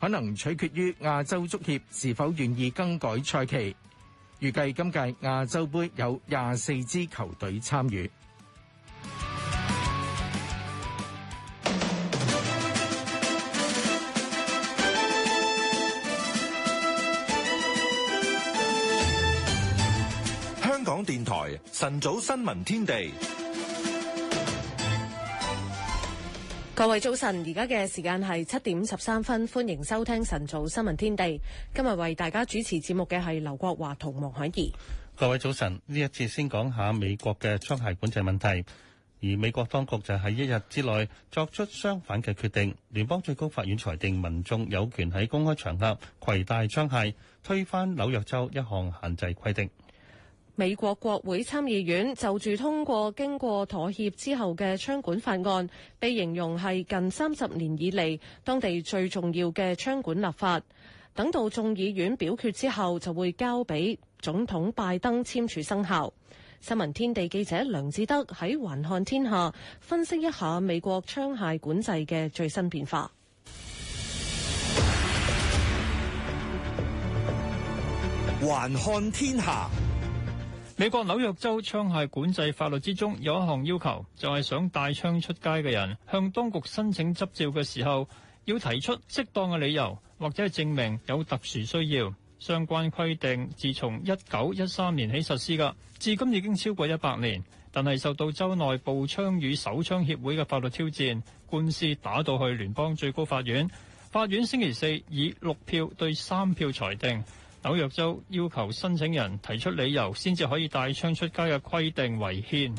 可能取決於亞洲足協是否願意更改賽期。預計今屆亞洲盃有廿四支球隊參與。香港電台晨早新聞天地。各位早晨，而家嘅時間係七點十三分，歡迎收聽晨早新聞天地。今日為大家主持節目嘅係劉國華同王海怡。各位早晨，呢一次先講下美國嘅槍械管制問題，而美國當局就喺一日之內作出相反嘅決定。聯邦最高法院裁定民眾有權喺公開場合攜帶槍械，推翻紐約州一項限制規定。美國國會參議院就住通過經過妥協之後嘅槍管法案，被形容係近三十年以嚟當地最重要嘅槍管立法。等到眾議院表決之後，就會交俾總統拜登簽署生效。新聞天地記者梁志德喺環看天下分析一下美國槍械管制嘅最新變化。環看天下。美國紐約州槍械管制法律之中有一項要求，就係想帶槍出街嘅人向當局申請執照嘅時候，要提出適當嘅理由或者係證明有特殊需要。相關規定自從一九一三年起實施㗎，至今已經超過一百年，但係受到州內步槍與手槍協會嘅法律挑戰，官司打到去聯邦最高法院。法院星期四以六票對三票裁定。紐約州要求申請人提出理由，先至可以帶槍出街嘅規定違憲。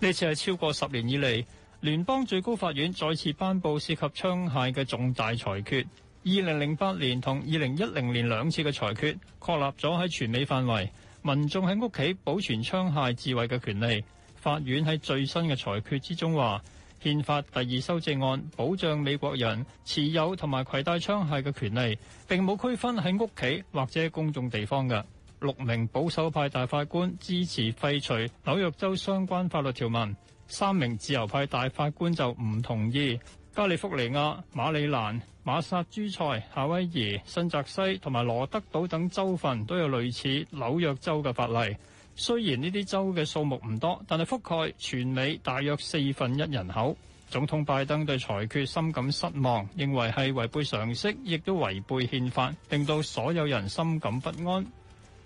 呢次係超過十年以嚟，聯邦最高法院再次頒布涉及槍械嘅重大裁決，二零零八年同二零一零年兩次嘅裁決確立咗喺全美範圍民眾喺屋企保存槍械自衛嘅權利。法院喺最新嘅裁決之中話。憲法第二修正案保障美國人持有同埋攜帶槍械嘅權利，並冇區分喺屋企或者公眾地方嘅。六名保守派大法官支持廢除紐約州相關法律條文，三名自由派大法官就唔同意。加利福尼亞、馬里蘭、馬薩諸塞、夏威夷、新澤西同埋羅德島等州份都有類似紐約州嘅法例。雖然呢啲州嘅數目唔多，但係覆蓋全美大約四分一人口。總統拜登對裁決深感失望，認為係違背常識，亦都違背憲法，令到所有人深感不安。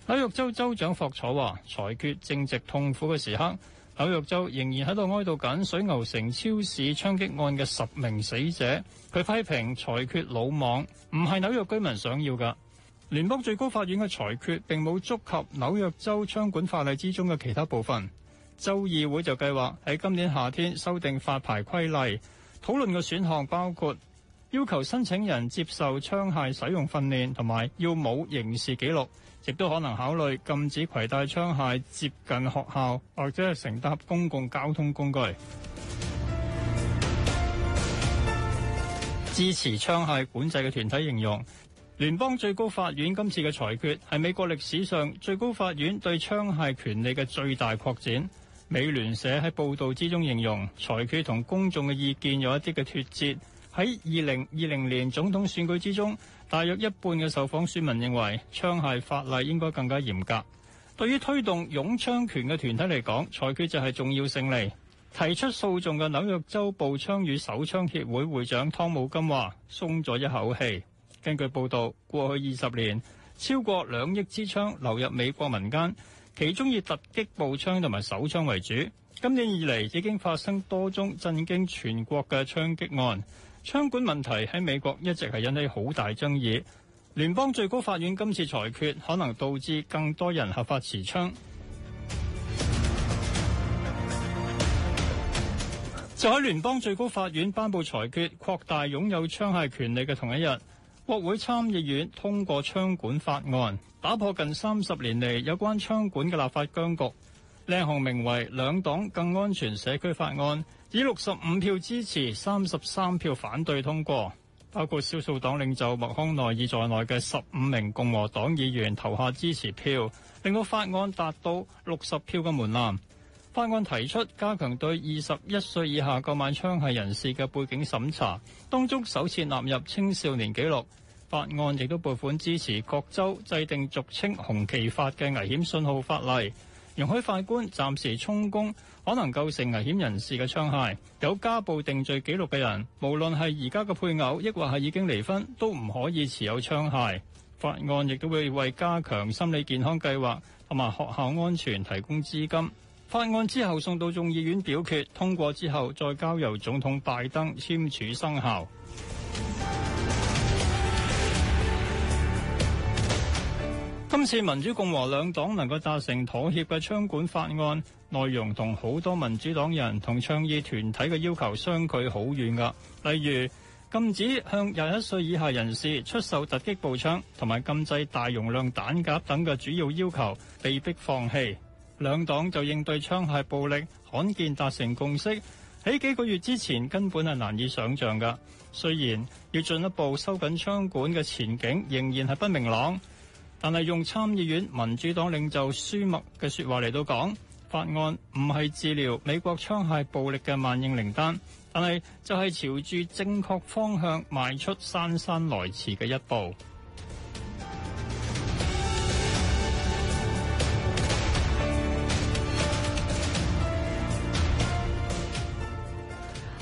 紐約州,州州長霍楚話：裁決正值痛苦嘅時刻，紐約州仍然喺度哀悼緊水牛城超市槍擊案嘅十名死者。佢批評裁,裁決魯莽，唔係紐約居民想要㗎。聯邦最高法院嘅裁決並冇觸及紐約州槍管法例之中嘅其他部分。州議會就計劃喺今年夏天修訂發牌規例，討論嘅選項包括要求申請人接受槍械使用訓練，同埋要冇刑事記錄，亦都可能考慮禁止攜帶槍械接近學校或者乘搭公共交通工具。支持槍械管制嘅團體形容，聯邦最高法院今次嘅裁決，係美國歷史上最高法院對槍械權利嘅最大擴展。美聯社喺報道之中形容，裁決同公眾嘅意見有一啲嘅脫節。喺二零二零年總統選舉之中，大約一半嘅受訪選民認為槍械法例應該更加嚴格。對於推動擁槍權嘅團體嚟講，裁決就係重要勝利。提出訴訟嘅紐約州步槍與手槍協會會長湯姆金話：鬆咗一口氣。根據報道，過去二十年超過兩億支槍流入美國民間，其中以突擊步槍同埋手槍為主。今年以嚟已經發生多宗震驚全國嘅槍擊案，槍管問題喺美國一直係引起好大爭議。聯邦最高法院今次裁決可能導致更多人合法持槍。就喺聯邦最高法院頒布裁決擴大擁有槍械權利嘅同一日，國會參議院通過槍管法案，打破近三十年嚟有關槍管嘅立法僵局。呢項名為《兩黨更安全社區法案》以六十五票支持，三十三票反對通過，包括少數黨領袖麥康奈爾在內嘅十五名共和黨議員投下支持票，令到法案達到六十票嘅門檻。法案提出加強對二十一歲以下購買槍械人士嘅背景審查，當中首次納入青少年紀錄。法案亦都撥款支持各州制定俗稱“紅旗法”嘅危險信號法例，容許法官暫時充公可能構成危險人士嘅槍械。有家暴定罪記錄嘅人，無論係而家嘅配偶，抑或係已經離婚，都唔可以持有槍械。法案亦都會為加強心理健康計劃同埋學校安全提供資金。法案之後送到眾議院表決，通過之後再交由總統拜登簽署生效。 今次民主共和兩黨能夠達成妥協嘅槍管法案，內容同好多民主黨人同倡議團體嘅要求相距好遠㗎。例如禁止向廿一歲以下人士出售突擊步槍，同埋禁制大容量彈夾等嘅主要要求，被迫放棄。兩黨就應對槍械暴力罕見達成共識，喺幾個月之前根本係難以想像㗎。雖然要進一步收緊槍管嘅前景仍然係不明朗，但係用參議院民主黨領袖舒默嘅説話嚟到講，法案唔係治療美國槍械暴力嘅萬應靈丹，但係就係朝住正確方向邁出姍姍來遲嘅一步。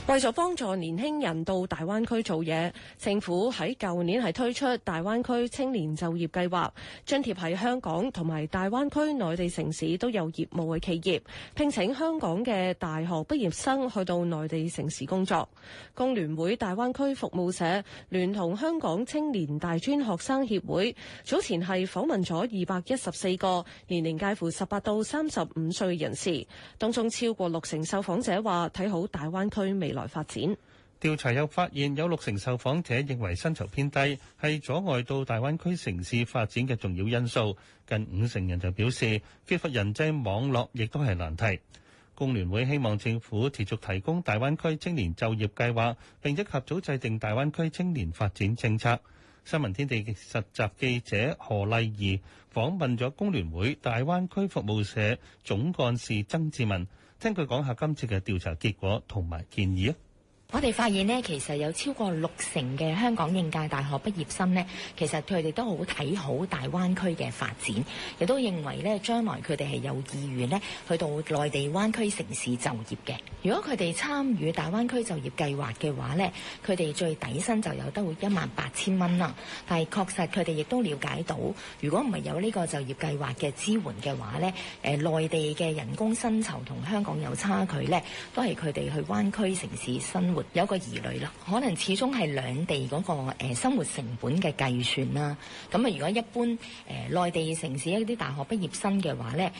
為咗幫助年輕人到大灣區做嘢，政府喺舊年係推出大灣區青年就業計劃，津貼喺香港同埋大灣區內地城市都有業務嘅企業，聘請香港嘅大學畢業生去到內地城市工作。工聯會大灣區服務社聯同香港青年大專學生協會早前係訪問咗二百一十四個年齡介乎十八到三十五歲人士，當中超過六成受訪者話睇好大灣區未來。來發展。調查又發現，有六成受訪者認為薪酬偏低係阻礙到大灣區城市發展嘅重要因素。近五成人就表示，缺乏人際網絡亦都係難題。工聯會希望政府持續提供大灣區青年就業計劃，並且及早制定大灣區青年發展政策。新聞天地實習記者何麗儀訪問咗工聯會大灣區服務社總幹事曾志文。聽佢講下今次嘅調查結果同埋建議啊！我哋發現呢，其實有超過六成嘅香港應屆大學畢業生呢，其實佢哋都好睇好大灣區嘅發展，亦都認為呢，將來佢哋係有意願呢去到內地灣區城市就業嘅。如果佢哋參與大灣區就業計劃嘅話呢，佢哋最底薪就有得會一萬八千蚊啦。但係確實佢哋亦都了解到，如果唔係有呢個就業計劃嘅支援嘅話呢，誒、呃、內地嘅人工薪酬同香港有差距呢，都係佢哋去灣區城市生活，有個疑慮囉，可能始終係兩地嗰個生活成本嘅計算啦。咁啊，如果一般誒內地城市嗰啲大學畢業生嘅話咧，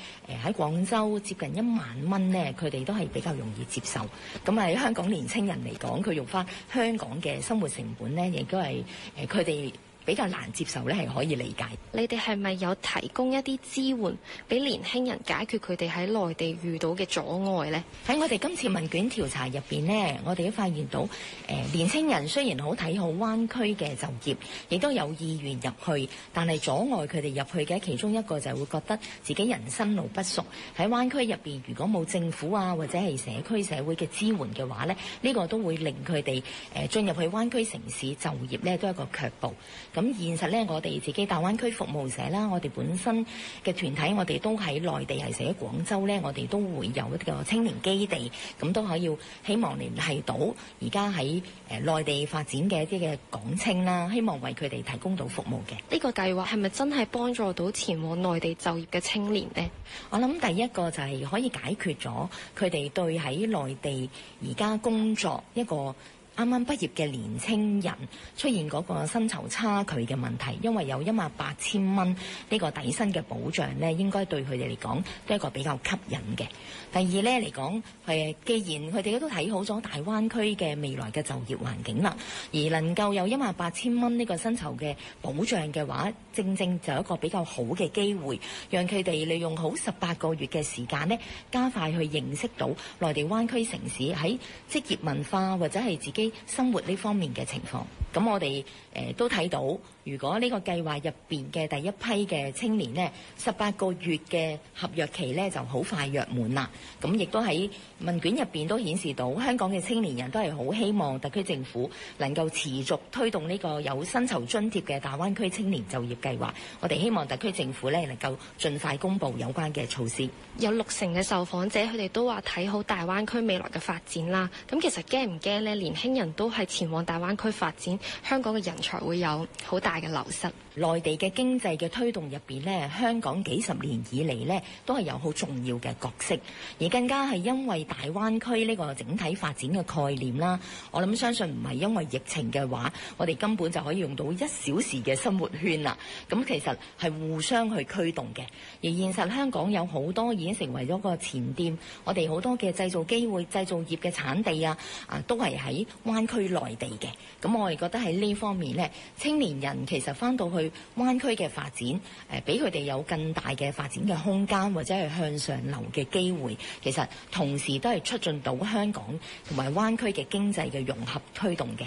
誒喺廣州接近一萬蚊咧，佢哋都係比較容易接受。咁喺香港年青人嚟講，佢用返香港嘅生活成本咧，亦都係誒佢哋。比較難接受咧，係可以理解。你哋係咪有提供一啲支援俾年輕人解決佢哋喺內地遇到嘅阻礙呢？喺我哋今次問卷調查入邊呢，我哋都發現到，誒、呃、年輕人雖然好睇好灣區嘅就業，亦都有意願入去，但係阻礙佢哋入去嘅其中一個就會覺得自己人生路不熟。喺灣區入邊，如果冇政府啊或者係社區社會嘅支援嘅話呢，呢、呢個都會令佢哋誒進入去灣區城市就業呢，都係一個卻步。咁現實咧，我哋自己大灣區服務社啦，我哋本身嘅團體，我哋都喺內地，尤其係廣州咧，我哋都會有一個青年基地，咁都可以希望聯繫到而家喺誒內地發展嘅一啲嘅港青啦，希望為佢哋提供到服務嘅。呢個計劃係咪真係幫助到前往內地就業嘅青年呢？我諗第一個就係可以解決咗佢哋對喺內地而家工作一個。啱啱畢業嘅年青人出現嗰個薪酬差距嘅問題，因為有一萬八千蚊呢個底薪嘅保障呢，應該對佢哋嚟講都係一個比較吸引嘅。第二咧嚟講，誒，既然佢哋都睇好咗大灣區嘅未來嘅就業環境啦，而能夠有一萬八千蚊呢個薪酬嘅保障嘅話，正正就一個比較好嘅機會，讓佢哋利用好十八個月嘅時間咧，加快去認識到內地灣區城市喺職業文化或者係自己生活呢方面嘅情況。咁我哋。誒都睇到，如果呢個計劃入邊嘅第一批嘅青年呢，十八個月嘅合約期呢，就好快約滿啦。咁亦都喺問卷入邊都顯示到，香港嘅青年人都係好希望特區政府能夠持續推動呢個有薪酬津貼嘅大灣區青年就業計劃。我哋希望特區政府呢，能夠盡快公布有關嘅措施。有六成嘅受訪者，佢哋都話睇好大灣區未來嘅發展啦。咁其實驚唔驚咧？年輕人都係前往大灣區發展，香港嘅人。才會有好大嘅流失。內地嘅經濟嘅推動入面呢，香港幾十年以嚟呢，都係有好重要嘅角色，而更加係因為大灣區呢個整體發展嘅概念啦，我諗相信唔係因為疫情嘅話，我哋根本就可以用到一小時嘅生活圈啦。咁其實係互相去驅動嘅，而現實香港有好多已經成為咗個前店，我哋好多嘅製造機會、製造業嘅產地啊，啊都係喺灣區內地嘅。咁我係覺得喺呢方面呢，青年人其實翻到去。灣區嘅發展，誒、呃，俾佢哋有更大嘅發展嘅空間，或者係向上流嘅機會。其實同時都係促進到香港同埋灣區嘅經濟嘅融合推動嘅。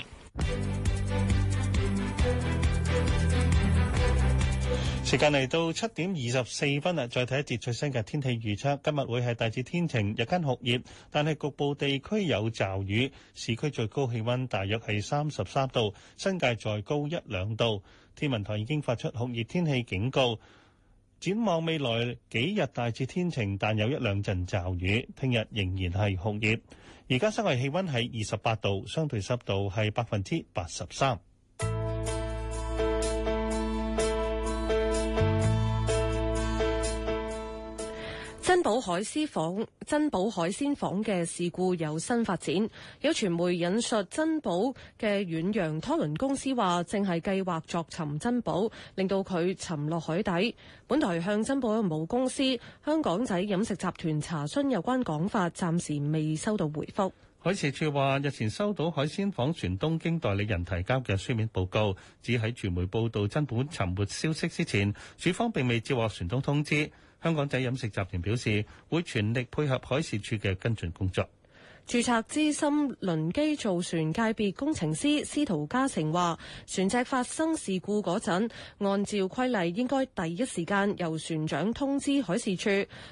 時間嚟到七點二十四分啦，再睇一節最新嘅天氣預測。今日會係大致天晴，日間酷熱，但係局部地區有驟雨。市區最高氣溫大約係三十三度，新界再高一兩度。天文台已經發出酷熱天氣警告，展望未來幾日大致天晴，但有一兩陣驟雨。聽日仍然係酷熱，而家室外氣溫係二十八度，相對濕度係百分之八十三。珍，保海，珍寶海鮮舫、珍寶海鮮舫嘅事故有新發展，有傳媒引述珍寶嘅遠洋拖輪公司話，正係計劃作沉珍寶，令到佢沉落海底。本台向珍寶嘅母公司香港仔飲食集團查詢有關講法，暫時未收到回覆。海事處話，日前收到海鮮舫船東經代理人提交嘅書面報告，指喺傳媒報導珍寶沉沒消息之前，處方並未接獲船東通知。香港仔飲食集團表示會全力配合海事處嘅跟進工作。注冊資深輪機造船界別工程師司徒嘉誠話：船隻發生事故嗰陣，按照規例應該第一時間由船長通知海事處。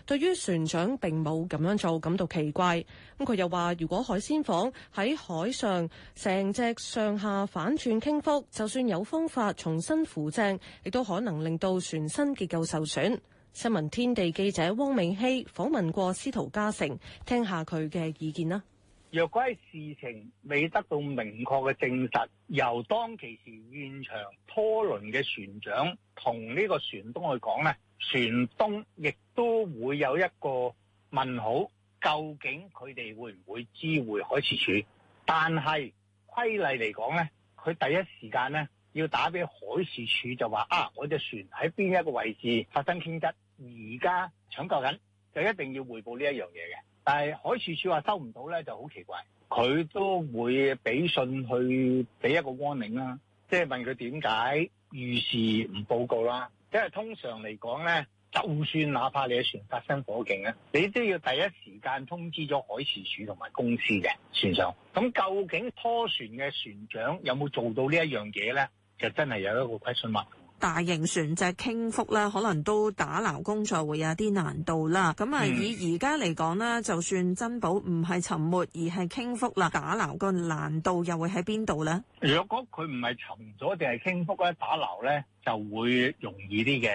對於船長並冇咁樣做，感到奇怪。咁佢又話，如果海鮮舫喺海上成隻上下反轉傾覆，就算有方法重新扶正，亦都可能令到船身結構受損。新聞天地記者汪明熙訪問過司徒嘉誠，聽下佢嘅意見啦。若果係事情未得到明確嘅證實，由當其時現場拖輪嘅船長同呢個船東去講呢，船東亦都會有一個問號。究竟佢哋會唔會知會海事處？但係規例嚟講呢，佢第一時間呢。要打俾海事處就話啊，我隻船喺邊一個位置發生傾側，而家搶救緊，就一定要匯報呢一樣嘢嘅。但係海事處話收唔到呢，就好奇怪，佢都會俾信去俾一個 warning 啦，啊，即係問佢點解遇事唔報告啦。因、啊、為通常嚟講呢，就算哪怕你嘅船發生火警咧，你都要第一時間通知咗海事處同埋公司嘅船上。咁究竟拖船嘅船長有冇做到呢一樣嘢呢？就真係有一個龜信物，大型船隻傾覆咧，可能都打撈工作會有啲難度啦。咁啊，以而家嚟講咧，就算珍寶唔係沉沒而係傾覆啦，打撈個難度又會喺邊度咧？若果佢唔係沉咗定係傾覆咧，打撈咧就會容易啲嘅。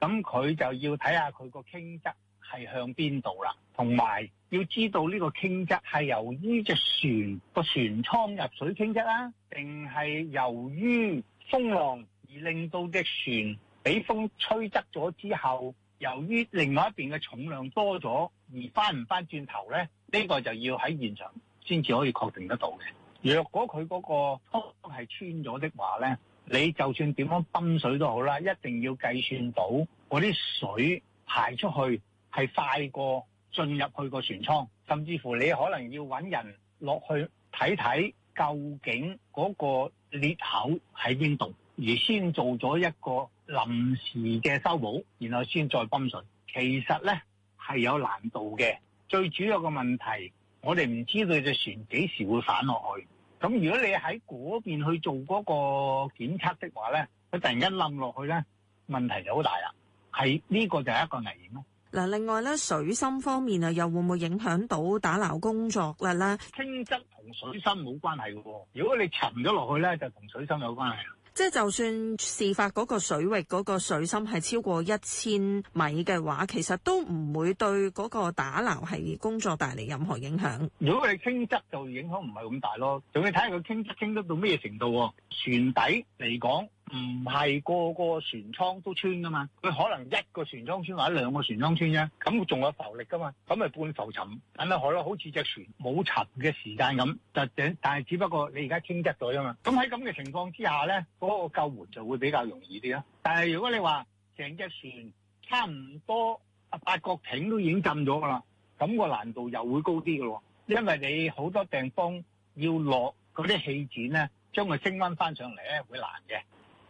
咁佢就要睇下佢個傾側係向邊度啦，同埋要知道呢個傾側係由於隻船個船艙入水傾側啦，定係由於。風浪而令到隻船俾風吹側咗之後，由於另外一邊嘅重量多咗，而翻唔翻轉頭呢，呢個就要喺現場先至可以確定得到嘅。若果佢嗰個倉係穿咗的話呢，你就算點樣泵水都好啦，一定要計算到嗰啲水排出去係快過進入去個船倉，甚至乎你可能要揾人落去睇睇究竟嗰、嗰個。裂口喺邊度，而先做咗一個臨時嘅修補，然後先再泵水。其實咧係有難度嘅，最主要個問題我哋唔知道隻船幾時會返落去。咁如果你喺嗰邊去做嗰個檢測的話咧，佢突然間冧落去咧，問題就好大啦。係呢個就係一個危險咯。嗱，另外咧，水深方面啊，又會唔會影響到打撈工作咧咧？傾側同水深冇關係嘅喎、哦，如果你沉咗落去咧，就同水深有關係。即係就算事發嗰個水域嗰、嗰個水深係超過一千米嘅話，其實都唔會對嗰個打撈係工作帶嚟任何影響。如果你傾側就影響唔係咁大咯，仲要睇下佢傾側傾得到咩程度喎、哦？船底嚟講。唔係個個船艙都穿噶嘛，佢可能一個船艙穿或者兩個船艙穿啫。咁仲有浮力噶嘛？咁咪半浮沉，咁咪可咯？好似隻船冇沉嘅時間咁，就但係只不過你而家傾側咗啊嘛。咁喺咁嘅情況之下咧，嗰個救援就會比較容易啲啊。但係如果你話成隻船差唔多八角艇都已經浸咗噶啦，咁個難度又會高啲噶咯，因為你好多地方要落嗰啲氣墊咧，將佢升溫翻上嚟咧，會難嘅。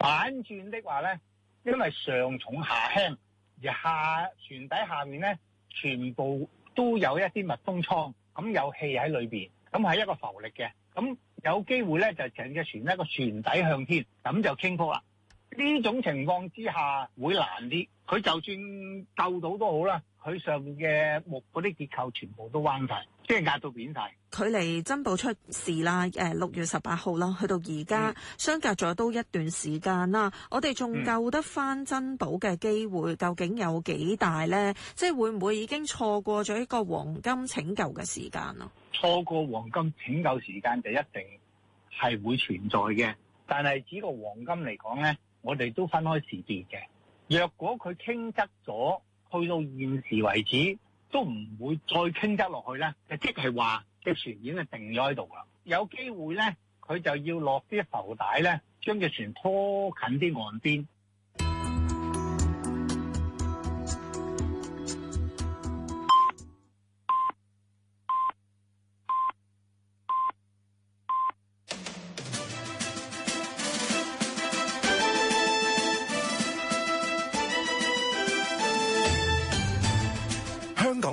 反轉的話呢，因為上重下輕，而下船底下面呢，全部都有一啲密封艙，咁、嗯、有氣喺裏邊，咁、嗯、係一個浮力嘅，咁、嗯、有機會呢，就成隻船一個船底向天，咁、嗯、就傾覆啦。呢種情況之下會難啲，佢就算救到都好啦，佢上面嘅木嗰啲結構全部都彎晒。即係壓到扁晒，距離珍寶出事啦，誒、呃、六月十八號啦，去到而家、嗯、相隔咗都一段時間啦。我哋仲救得翻珍寶嘅機會，嗯、究竟有幾大咧？即係會唔會已經錯過咗一個黃金拯救嘅時間啊？錯過黃金拯救時間就一定係會存在嘅，但係至於個黃金嚟講咧，我哋都分開時段嘅。若果佢傾側咗，去到現時為止。都唔會再傾得落去咧，即係話嘅船已經係定咗喺度啦。有機會咧，佢就要落啲浮帶咧，將隻船拖近啲岸邊。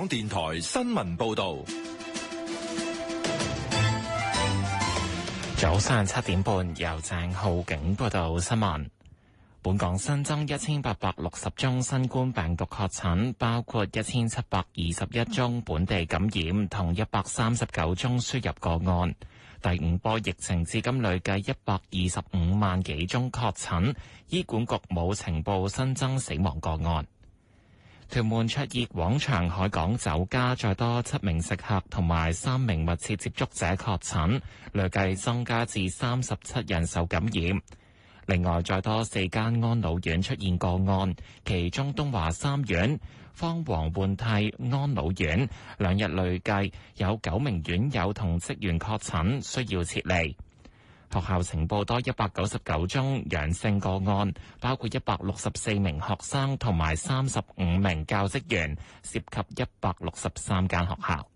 香港電台新聞報道，早上七點半由鄭浩景報道新聞。本港新增一千八百六十宗新冠病毒確診，包括一千七百二十一宗本地感染同一百三十九宗輸入個案。第五波疫情至今累計一百二十五萬幾宗確診，醫管局冇情報新增死亡個案。屯門卓業廣場海港酒家再多七名食客同埋三名密切接觸者確診，累計增加至三十七人受感染。另外，再多四間安老院出現個案，其中東華三院方王煥娣安老院兩日累計有九名院友同職員確診，需要撤離。學校呈報多一百九十九宗陽性個案，包括一百六十四名學生同埋三十五名教職員，涉及一百六十三間學校。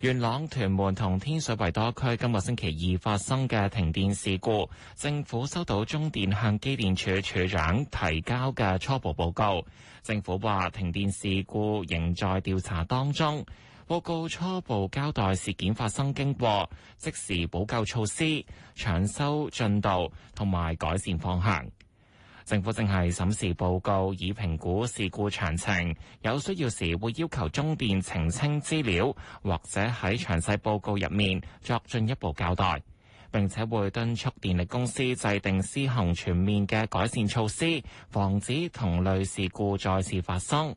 元朗、屯門同天水圍多區今個星期二發生嘅停電事故，政府收到中電向機電署署長提交嘅初步報告。政府話停電事故仍在調查當中。報告初步交代事件發生經過、即時補救措施、搶修進度同埋改善方向。政府正係審視報告，以評估事故詳情。有需要時會要求中電澄清資料，或者喺詳細報告入面作進一步交代。並且會敦促電力公司制定施行全面嘅改善措施，防止同類事故再次發生。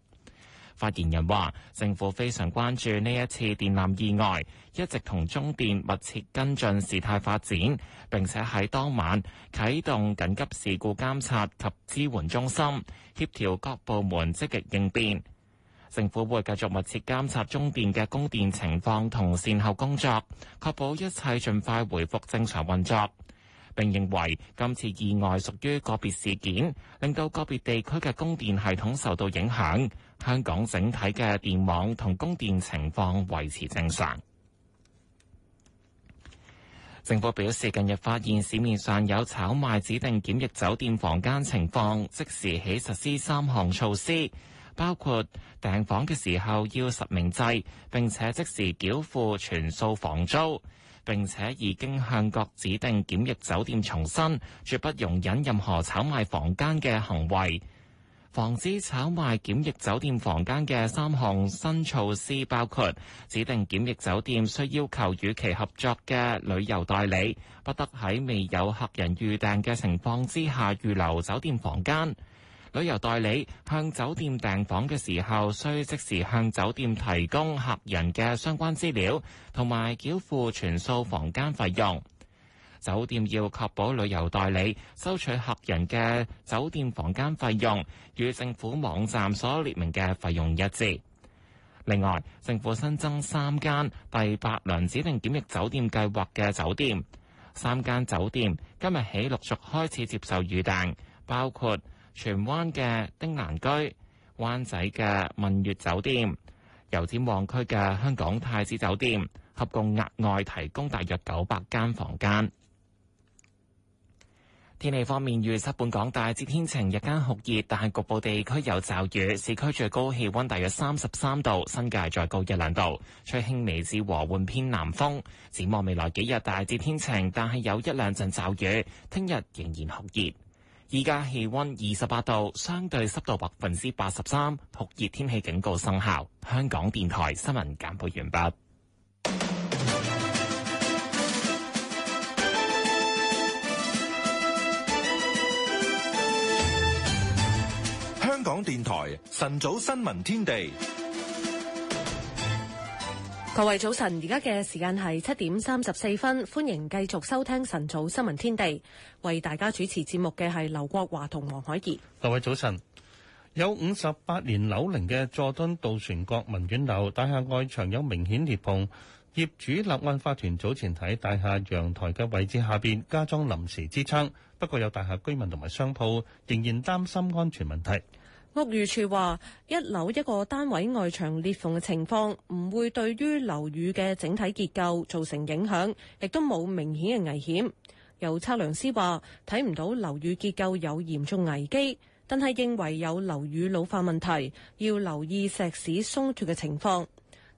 發言人話：政府非常關注呢一次電纜意外，一直同中電密切跟進事態發展。並且喺當晚啟動緊急事故監察及支援中心，協調各部門積極應變。政府會繼續密切監察中電嘅供電情況同善後工作，確保一切盡快回復正常運作。並認為今次意外屬於個別事件，令到個別地區嘅供電系統受到影響。香港整體嘅電網同供電情況維持正常。政府表示，近日發現市面上有炒賣指定檢疫酒店房間情況，即時起實施三項措施，包括訂房嘅時候要實名制，並且即時繳付全數房租。並且已經向各指定檢疫酒店重申，絕不容忍任何炒賣房間嘅行為。防止炒賣檢疫酒店房間嘅三項新措施，包括指定檢疫酒店需要求與其合作嘅旅遊代理不得喺未有客人預訂嘅情況之下預留酒店房間。旅遊代理向酒店訂房嘅時候，需即時向酒店提供客人嘅相關資料，同埋繳付全數房間費用。酒店要確保旅遊代理收取客人嘅酒店房間費用，與政府網站所列明嘅費用一致。另外，政府新增三間第八輪指定檢疫酒店計劃嘅酒店，三間酒店今日起陸續開始接受預訂，包括荃灣嘅丁蘭居、灣仔嘅問月酒店、油尖旺區嘅香港太子酒店，合共額外提供大約九百間房間。天氣方面，預測本港大致天晴，日間酷熱，但係局部地區有驟雨。市區最高氣溫大約三十三度，新界再高一兩度，吹輕微至和緩偏南風。展望未來幾日大致天晴，但係有一兩陣驟雨。聽日仍然酷熱，依家氣溫二十八度，相對濕度百分之八十三，酷熱天氣警告生效。香港電台新聞簡報完畢。港電台晨早新聞天地，各位早晨，而家嘅時間係七點三十四分，歡迎繼續收聽晨早新聞天地。為大家主持節目嘅係劉國華同黃海怡。各位早晨，有五十八年樓齡嘅佐敦渡船角文苑樓大廈外牆有明顯裂縫，業主立案法團早前喺大廈陽台嘅位置下邊加裝臨時支撐，不過有大廈居民同埋商鋪仍然擔心安全問題。屋宇署話，一樓一個單位外牆裂縫嘅情況唔會對於樓宇嘅整體結構造成影響，亦都冇明顯嘅危險。有測量師話，睇唔到樓宇結構有嚴重危機，但係認為有樓宇老化問題，要留意石屎鬆脱嘅情況。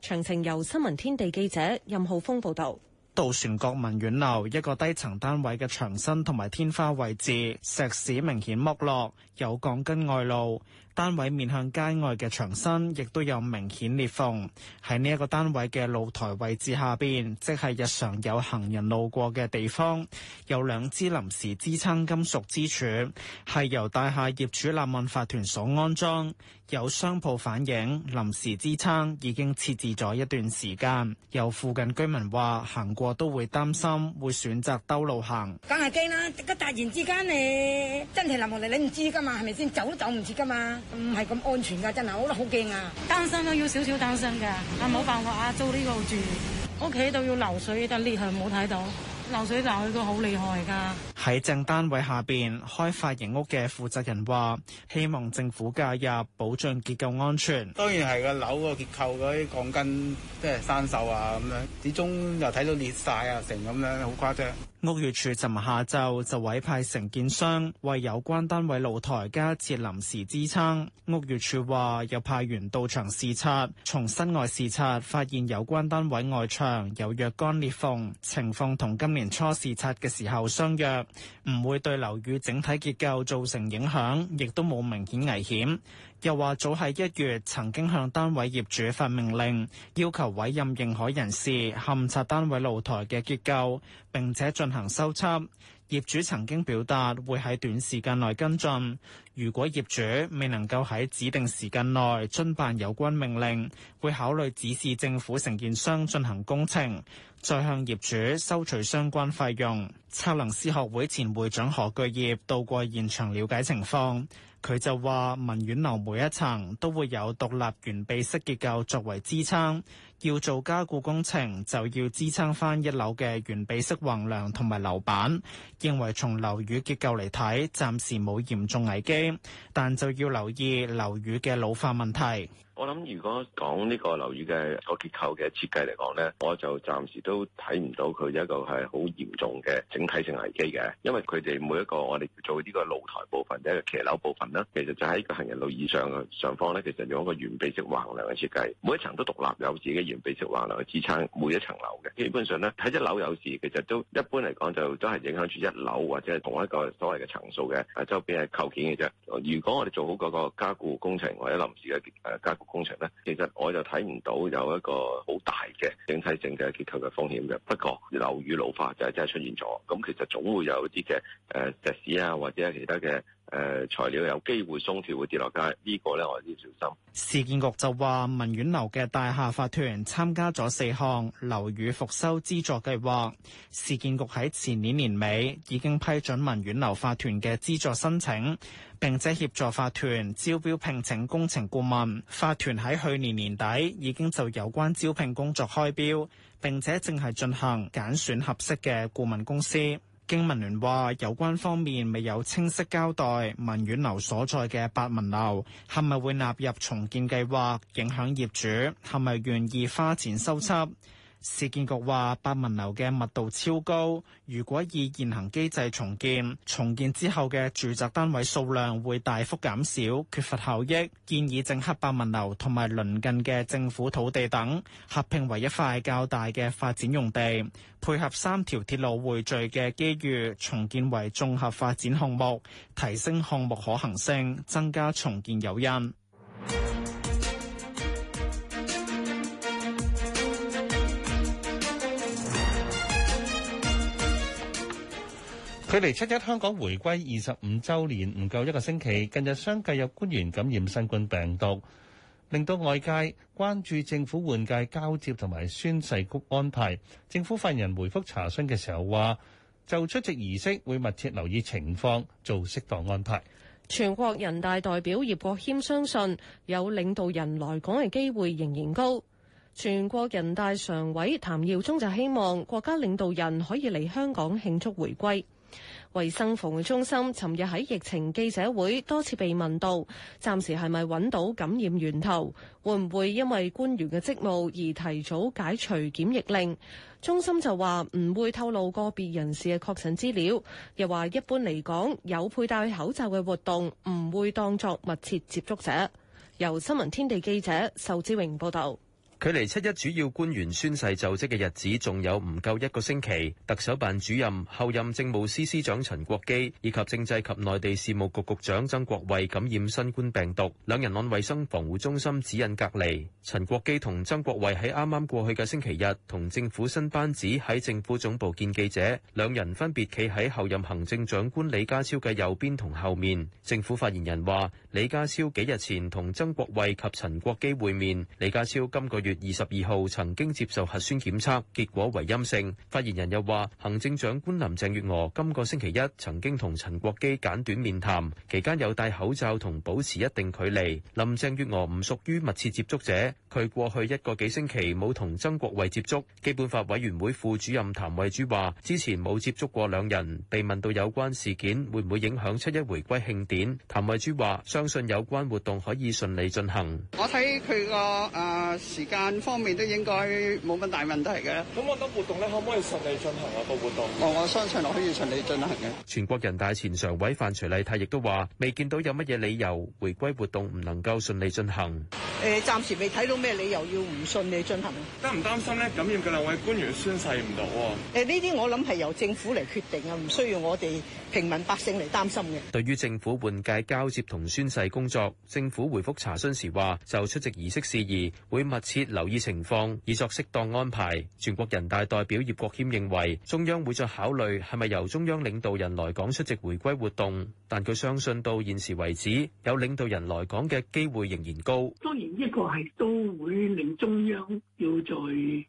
詳情由新聞天地記者任浩峰報導。渡船國民院樓一個低層單位嘅牆身同埋天花位置石屎明顯剝落，有鋼筋外露。單位面向街外嘅牆身亦都有明顯裂縫，喺呢一個單位嘅露台位置下邊，即係日常有行人路過嘅地方，有兩支臨時支撐金屬支柱，係由大廈業主立案法團所安裝。有商鋪反映，臨時支撐已經設置咗一段時間。有附近居民話，行過都會擔心，會選擇兜路行。梗係驚啦！突然之間你真係冧落嚟你唔知㗎嘛，係咪先？走都走唔切㗎嘛。唔係咁安全噶，真係我都好驚啊！單身都要少少擔心噶，啊冇、嗯、辦法啊，租呢個住，屋企都要流水，但裂痕冇睇到，流水流去都好厲害噶。喺正單位下邊，開髮型屋嘅負責人話，希望政府介入保障結構安全。當然係個樓個結構嗰啲鋼筋即係生銹啊咁樣，始終又睇到裂晒啊成咁樣，好誇張。屋宇署尋日下晝就委派承建商為有關單位露台加設臨時支撐。屋宇署話又派員到場視察，從室外視察發現有關單位外牆有若干裂縫，情況同今年初視察嘅時候相若，唔會對樓宇整體結構造成影響，亦都冇明顯危險。又話早喺一月曾經向單位業主發命令，要求委任認可人士勘察單位露台嘅結構，並且進行修葺。業主曾經表達會喺短時間內跟進，如果業主未能夠喺指定時間內遵辦有關命令，會考慮指示政府承建商進行工程，再向業主收取相關費用。測量師學會前會長何巨業到過現場了解情況。佢就話：文苑樓每一層都會有獨立圓柱式結構作為支撐，要做加固工程就要支撐翻一樓嘅圓柱式橫梁同埋樓板。認為從樓宇結構嚟睇，暫時冇嚴重危機，但就要留意樓宇嘅老化問題。我諗如果講呢個樓宇嘅個結構嘅設計嚟講咧，我就暫時都睇唔到佢一個係好嚴重嘅整體性危機嘅，因為佢哋每一個我哋做呢個露台部分定係騎樓部分啦，其實就喺個行人路以上嘅上方咧，其實用一個懸臂式橫梁嘅設計，每一層都獨立有自己嘅懸臂式橫梁去支撐每一層樓嘅。基本上咧，喺一樓有事，其實都一般嚟講就都係影響住一樓或者同一個所謂嘅層數嘅周邊嘅構件嘅啫。如果我哋做好嗰個加固工程或者臨時嘅誒加固，工程咧，其實我就睇唔到有一個好大嘅整體性嘅結構嘅風險嘅。不過樓宇老化就係真係出現咗，咁其實總會有啲嘅誒石屎啊，或者其他嘅。誒材料有機會鬆脫，會跌落街，呢個咧我哋要小心。市建局就話，文苑樓嘅大廈法團參加咗四項樓宇復修資助計劃。市建局喺前年年尾已經批准文苑樓法團嘅資助申請，並且協助法團招標聘請工程顧問。法團喺去年年底已經就有關招聘工作開標，並且正係進行揀選合適嘅顧問公司。經文聯話，有關方面未有清晰交代文苑樓所在嘅八文樓係咪會納入重建計劃，影響業主係咪願意花錢修葺。市建局話百文樓嘅密度超高，如果以現行機制重建，重建之後嘅住宅單位數量會大幅減少，缺乏效益。建議整合百文樓同埋鄰近嘅政府土地等，合併為一塊較大嘅發展用地，配合三條鐵路匯聚嘅機遇，重建為綜合發展項目，提升項目可行性，增加重建誘因。距離七一香港回歸二十五周年唔夠一個星期，近日相繼有官員感染新冠病毒，令到外界關注政府換屆交接同埋宣誓局安排。政府發言人回覆查詢嘅時候話，就出席儀式會密切留意情況，做適當安排。全國人大代表葉國謙相信有領導人來港嘅機會仍然高。全國人大常委譚耀宗就希望國家領導人可以嚟香港慶祝回歸。衛生防護中心尋日喺疫情記者會多次被問到，暫時係咪揾到感染源頭？會唔會因為官員嘅職務而提早解除檢疫令？中心就話唔會透露個別人士嘅確診資料，又話一般嚟講，有佩戴口罩嘅活動唔會當作密切接觸者。由新聞天地記者壽志榮報道。距離七一主要官員宣誓就職嘅日子仲有唔夠一個星期，特首辦主任、候任政務司司長陳國基以及政制及內地事務局局長曾國衛感染新冠病毒，兩人按衛生防護中心指引隔離。陳國基同曾國衛喺啱啱過去嘅星期日同政府新班子喺政府總部見記者，兩人分別企喺候任行政長官李家超嘅右邊同後面。政府發言人話：李家超幾日前同曾國衛及陳國基會面，李家超今個月。月二十二號曾經接受核酸檢測，結果為陰性。發言人又話：行政長官林鄭月娥今個星期一曾經同陳國基簡短面談，期間有戴口罩同保持一定距離。林鄭月娥唔屬於密切接觸者，佢過去一個幾星期冇同曾國衛接觸。基本法委員會副主任譚慧珠話：之前冇接觸過兩人。被問到有關事件會唔會影響七一回歸慶典，譚慧珠話：相信有關活動可以順利進行。我睇佢個誒時間。各方面都應該冇乜大問題嘅。咁我諗活動咧，可唔可以順利進行啊個活動？我話相信可以順利進行嘅。全國人大前常委范徐麗泰亦都話：未見到有乜嘢理由，迴歸活動唔能夠順利進行。誒，暫時未睇到咩理由要唔順利進行。擔唔擔心咧？感染嘅兩位官員宣誓唔到。誒，呢啲我諗係由政府嚟決定啊，唔需要我哋平民百姓嚟擔心嘅。對於政府換屆交接同宣誓工作，政府回覆查詢時話：就出席儀式事宜，會密切。留意情況，以作適當安排。全國人大代表葉國謙認為，中央會再考慮係咪由中央領導人來港出席回歸活動，但佢相信到現時為止，有領導人來港嘅機會仍然高。當然呢個係都會令中央要再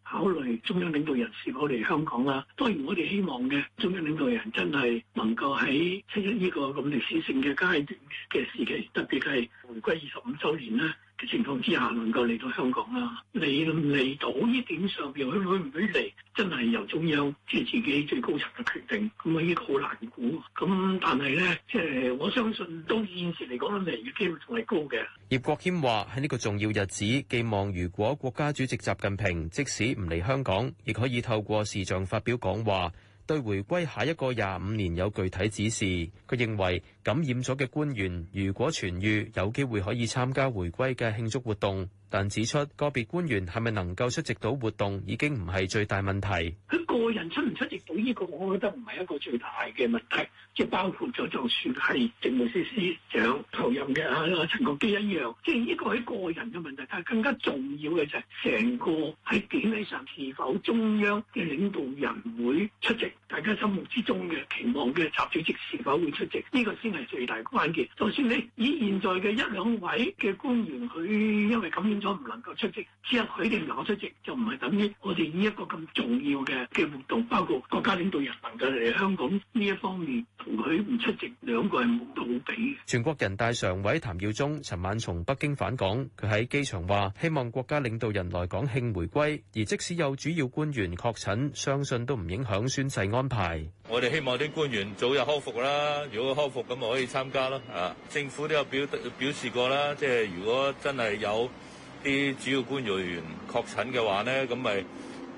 考慮中央領導人是否嚟香港啦、啊。當然我哋希望嘅中央領導人真係能夠喺七一呢個咁歷史性嘅階段嘅時期，特別係回歸二十五週年咧、啊。嘅情況之下，能夠嚟到香港啦，你嚟到呢點上邊佢會唔會嚟？真係由中央即係自己最高層嘅決定，咁啊呢個好難估。咁但係咧，即係我相信，到現時嚟講，嚟嘅機會仲係高嘅。葉國謙話：喺呢個重要日子，寄望如果國家主席習近平即使唔嚟香港，亦可以透過視像發表講話。對回歸下一個廿五年有具體指示。佢認為感染咗嘅官員如果痊癒，有機會可以參加回歸嘅慶祝活動。但指出個別官員係咪能夠出席到活動已經唔係最大問題。佢個人出唔出席到呢個，我覺得唔係一個最大嘅問題。即係包括咗，就算係政務司司長投任嘅啊陳國基一樣，即係呢個係個人嘅問題，但係更加重要嘅就係成個喺典禮上是否中央嘅領導人會出席，大家心目之中嘅期望嘅習主席是否會出席，呢個先係最大關鍵。就算你以現在嘅一兩位嘅官員佢因為感染咗唔能夠出席，只係佢哋唔能夠出席，就唔係等於我哋呢一個咁重要嘅嘅活動，包括國家領導人能夠嚟香港呢一方面。佢唔出席，兩個人係無對比。全國人大常委譚耀宗尋晚從北京返港，佢喺機場話：希望國家領導人來港慶回歸。而即使有主要官員確診，相信都唔影響宣誓安排。我哋希望啲官員早日康復啦。如果康復咁，咪可以參加咯。啊，政府都有表表示過啦，即係如果真係有啲主要官員確診嘅話呢，咁咪。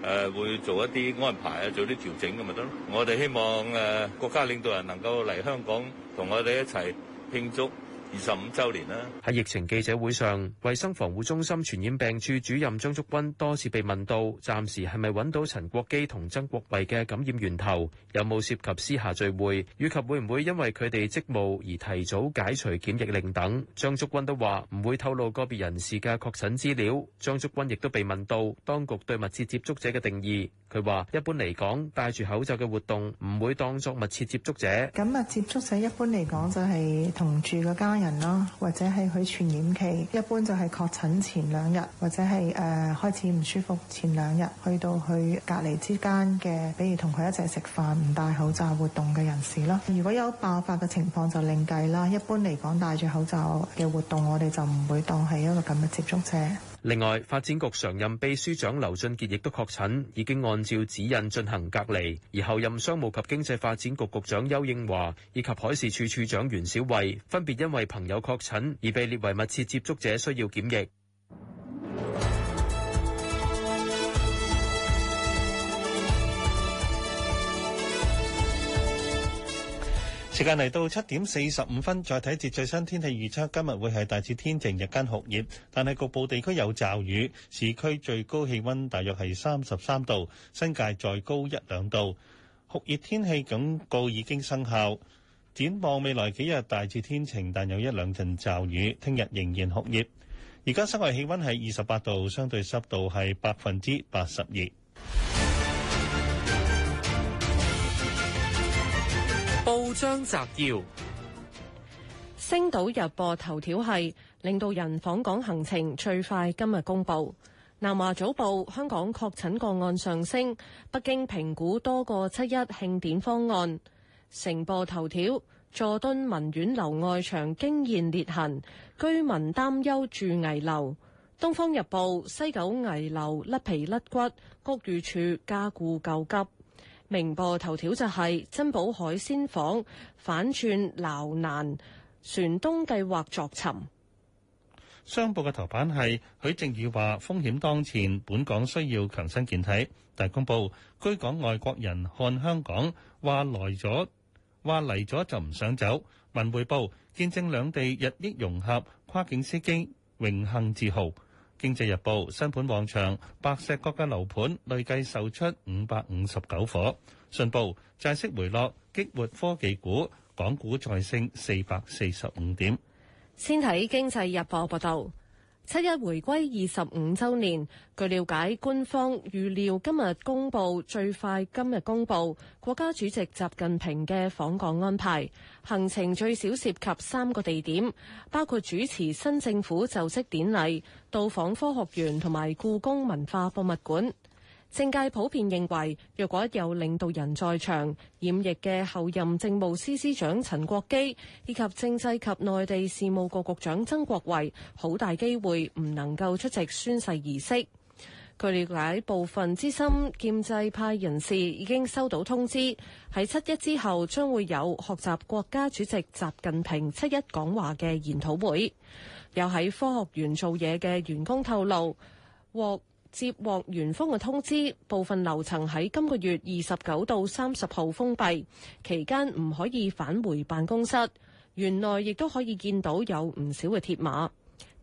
誒、呃，會做一啲安排啊，做啲調整咁咪得咯。我哋希望誒、呃、國家領導人能夠嚟香港同我哋一齊慶祝。二十五週年啦！喺疫情記者會上，衛生防護中心傳染病處主任張竹君多次被問到，暫時係咪揾到陳國基同曾國衞嘅感染源頭，有冇涉及私下聚會，以及會唔會因為佢哋職務而提早解除檢疫令等。張竹君都話唔會透露個別人士嘅確診資料。張竹君亦都被問到，當局對密切接觸者嘅定義，佢話一般嚟講，戴住口罩嘅活動唔會當作密切接觸者。咁密切接觸者一般嚟講就係同住個家人啦，或者係佢傳染期，一般就係確診前兩日，或者係誒、呃、開始唔舒服前兩日，去到去隔離之間嘅，比如同佢一齊食飯唔戴口罩活動嘅人士啦，如果有爆發嘅情況就另計啦。一般嚟講戴住口罩嘅活動，我哋就唔會當係一個咁嘅接觸者。另外，發展局常任秘書長劉俊傑亦都確診，已經按照指引進行隔離；而候任商務及經濟發展局局長邱應華以及海事處處長袁小慧，分別因為朋友確診而被列為密切接觸者，需要檢疫。時間嚟到七點四十五分，再睇下最新天氣預測。今日會係大致天晴，日間酷熱，但係局部地區有驟雨。市區最高氣溫大約係三十三度，新界再高一兩度。酷熱天氣警告已經生效。展望未來幾日大致天晴，但有一兩陣驟雨。聽日仍然酷熱。而家室外氣温係二十八度，相對濕度係百分之八十二。報章摘要：星島日報頭條係，領導人訪港行程最快今日公布。南華早報：香港確診個案上升。北京評估多個七一慶典方案。成報頭條：佐敦文苑樓外牆驚現裂痕，居民擔憂住危樓。東方日報：西九危樓甩皮甩骨，屋宇處加固救急。明報頭條就係珍寶海鮮舫反串撈難，船東計劃作沉。商報嘅頭版係許正宇話風險當前，本港需要強身健體。大公報，居港外國人看香港，話來咗話嚟咗就唔想走。文匯報，見證兩地日益融合，跨境司機榮幸自豪。《經濟日報》新盤旺場，白石角嘅樓盤累計售出五百五十九伙。信報債息回落，激活科技股，港股再升四百四十五點。先睇《經濟日報》報道。七一回歸二十五周年，據了解，官方預料今日公布，最快今日公布國家主席習近平嘅訪港安排，行程最少涉及三個地點，包括主持新政府就職典禮到訪科學園同埋故宮文化博物館。政界普遍認為，若果有領導人在場，染疫嘅後任政務司司長陳國基以及政制及內地事務局局長曾國衞，好大機會唔能夠出席宣誓儀式。據了解，部分資深建制派人士已經收到通知，喺七一之後將會有學習國家主席習近平七一講話嘅研討會。有喺科學園做嘢嘅員工透露，獲。接獲元豐嘅通知，部分樓層喺今個月二十九到三十號封閉，期間唔可以返回辦公室。園內亦都可以見到有唔少嘅鐵馬。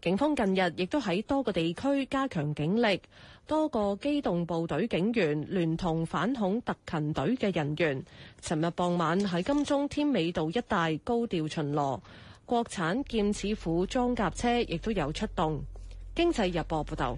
警方近日亦都喺多個地區加強警力，多個機動部隊警員聯同反恐特勤隊嘅人員，尋日傍晚喺金鐘添美道一帶高調巡邏。國產劍齒虎裝甲車亦都有出動。經濟日報報道。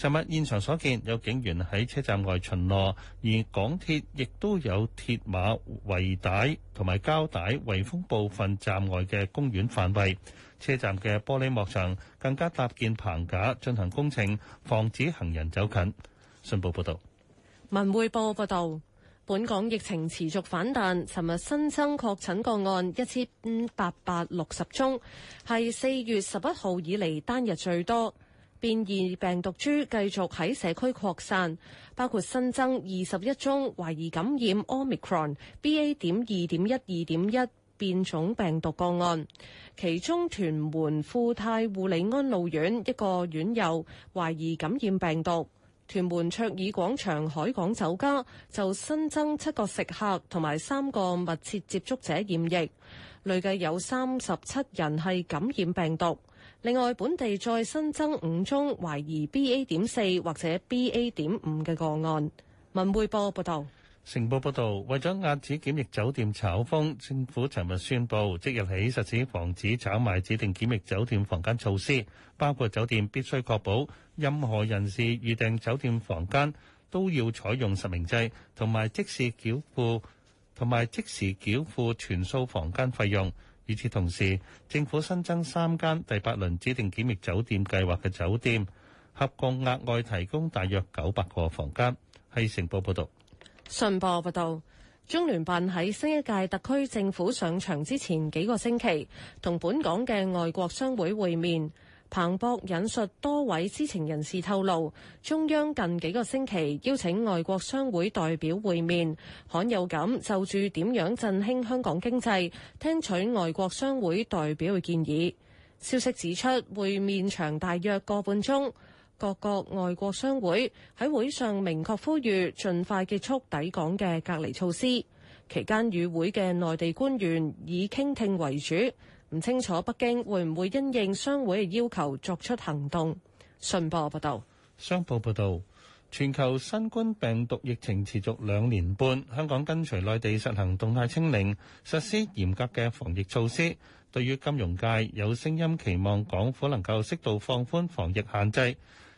昨日現場所見，有警員喺車站外巡邏，而港鐵亦都有鐵馬圍帶同埋膠帶圍封部分站外嘅公園範圍。車站嘅玻璃幕牆更加搭建棚架進行工程，防止行人走近。信報報道，文匯報報道：「本港疫情持續反彈，昨日新增確診個案一千八百六十宗，係四月十一號以嚟單日最多。變異病毒株繼續喺社區擴散，包括新增二十一宗懷疑感染 Omicron BA. 點二點一二點一變種病毒個案，其中屯門富泰護理安老院一個院友懷疑感染病毒；屯門卓爾廣場海港酒家就新增七個食客同埋三個密切接觸者染疫，累計有三十七人係感染病毒。另外，本地再新增五宗懷疑 BA. 點四或者 BA. 點五嘅個案。文匯報報道。成報報道，為咗壓止檢疫酒店炒風，政府尋日宣布，即日起實施防止炒賣指定檢疫酒店房間措施。包括酒店必須確保，任何人士預訂酒店房間都要採用實名制，同埋即時繳付，同埋即時繳付全數房間費用。與此同時，政府新增三間第八輪指定檢疫酒店計劃嘅酒店，合共額外提供大約九百個房間。係成報報道。信報報道，中聯辦喺新一屆特區政府上場之前幾個星期，同本港嘅外國商會會面。彭博引述多位知情人士透露，中央近幾個星期邀請外國商會代表會面，罕有咁就住點樣振興香港經濟，聽取外國商會代表嘅建議。消息指出，會面長大約個半鐘，各國外國商會喺會上明確呼籲盡快結束抵港嘅隔離措施。期間與會嘅內地官員以傾聽為主。唔清楚北京會唔會因應商會嘅要求作出行動。信報報道，商報報道，全球新冠病毒疫情持續兩年半，香港跟隨內地實行動態清零，實施嚴格嘅防疫措施。對於金融界有聲音期望港府能夠適度放寬防疫限制。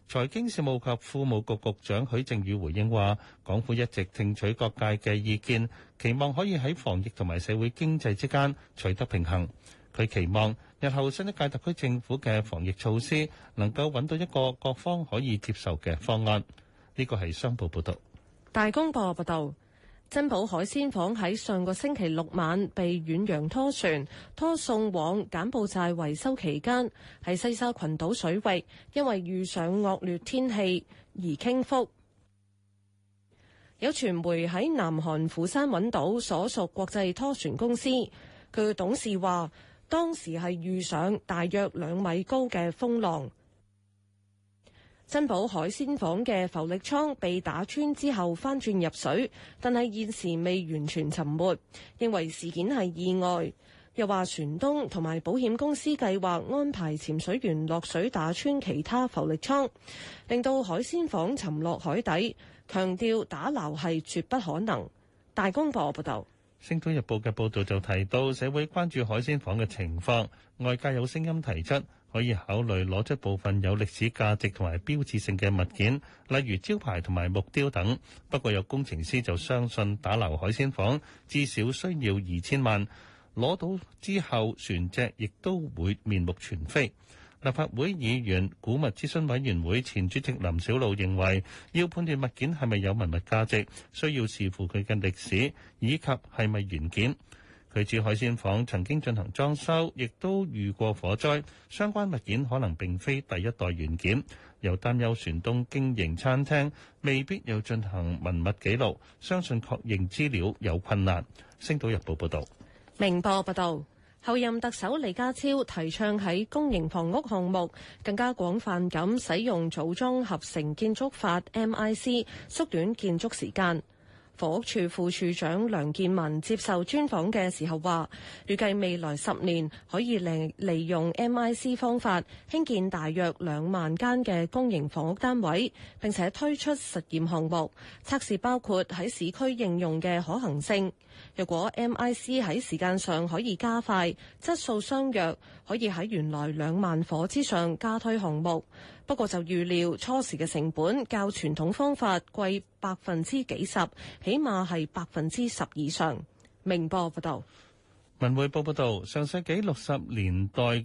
財經事務及庫務局局，局長許正宇回應話：港府一直聽取各界嘅意見，期望可以喺防疫同埋社會經濟之間取得平衡。佢期望日後新一屆特區政府嘅防疫措施能夠揾到一個各方可以接受嘅方案。呢個係商報報道。大公報報道，珍寶海鮮舫喺上個星期六晚被遠洋拖船拖送往柬埔寨維修期間，喺西沙群島水域因為遇上惡劣天氣而傾覆。有傳媒喺南韓釜山揾到所屬國際拖船公司，佢董事話，當時係遇上大約兩米高嘅風浪，珍寶海鮮舫嘅浮力艙被打穿之後翻轉入水，但係現時未完全沉沒。認為事件係意外，又話船東同埋保險公司計劃安排潛水員落水打穿其他浮力艙，令到海鮮舫沉落海底。強調打撈係絕不可能。大公報報道。《星島日報》嘅報導就提到，社會關注海鮮舫嘅情況，外界有聲音提出可以考慮攞出部分有歷史價值同埋標誌性嘅物件，例如招牌同埋木雕等。不過，有工程師就相信打撈海鮮舫至少需要二千萬，攞到之後船隻亦都會面目全非。立法會議員古物諮詢委員會前主席林小露認為，要判斷物件係咪有文物價值，需要視乎佢嘅歷史以及係咪原件。佢指海鮮舫曾經進行裝修，亦都遇過火災，相關物件可能並非第一代原件。又擔憂船東經營餐廳未必有進行文物記錄，相信確認資料有困難。星島日報報道。明報報道。候任特首李家超提倡喺公營房屋項目更加廣泛咁使用組裝合成建築法 （MIC），縮短建築時間。房屋處副處長梁建文接受專訪嘅時候話，預計未來十年可以利利用 MIC 方法興建大約兩萬間嘅公營房屋單位，並且推出實驗項目，測試包括喺市區應用嘅可行性。若果 M I C 喺時間上可以加快，質素相若，可以喺原來兩萬夥之上加推項目。不過就預料初時嘅成本較傳統方法貴百分之幾十，起碼係百分之十以上。明報報道，文匯報報道，上世紀六十年代。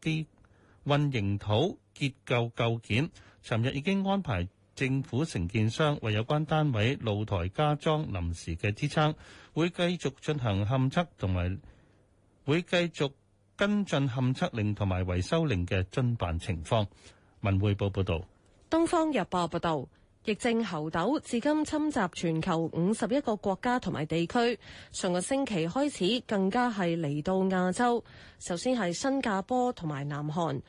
啲運營土結構構件，尋日已經安排政府承建商為有關單位露台加裝臨時嘅支撐，會繼續進行勘測同埋會繼續跟進勘測令同埋維修令嘅執辦情況。文匯報報道：「東方日報報道。疫症猴痘至今侵襲全球五十一個國家同埋地區，上個星期開始更加係嚟到亞洲，首先係新加坡同埋南韓。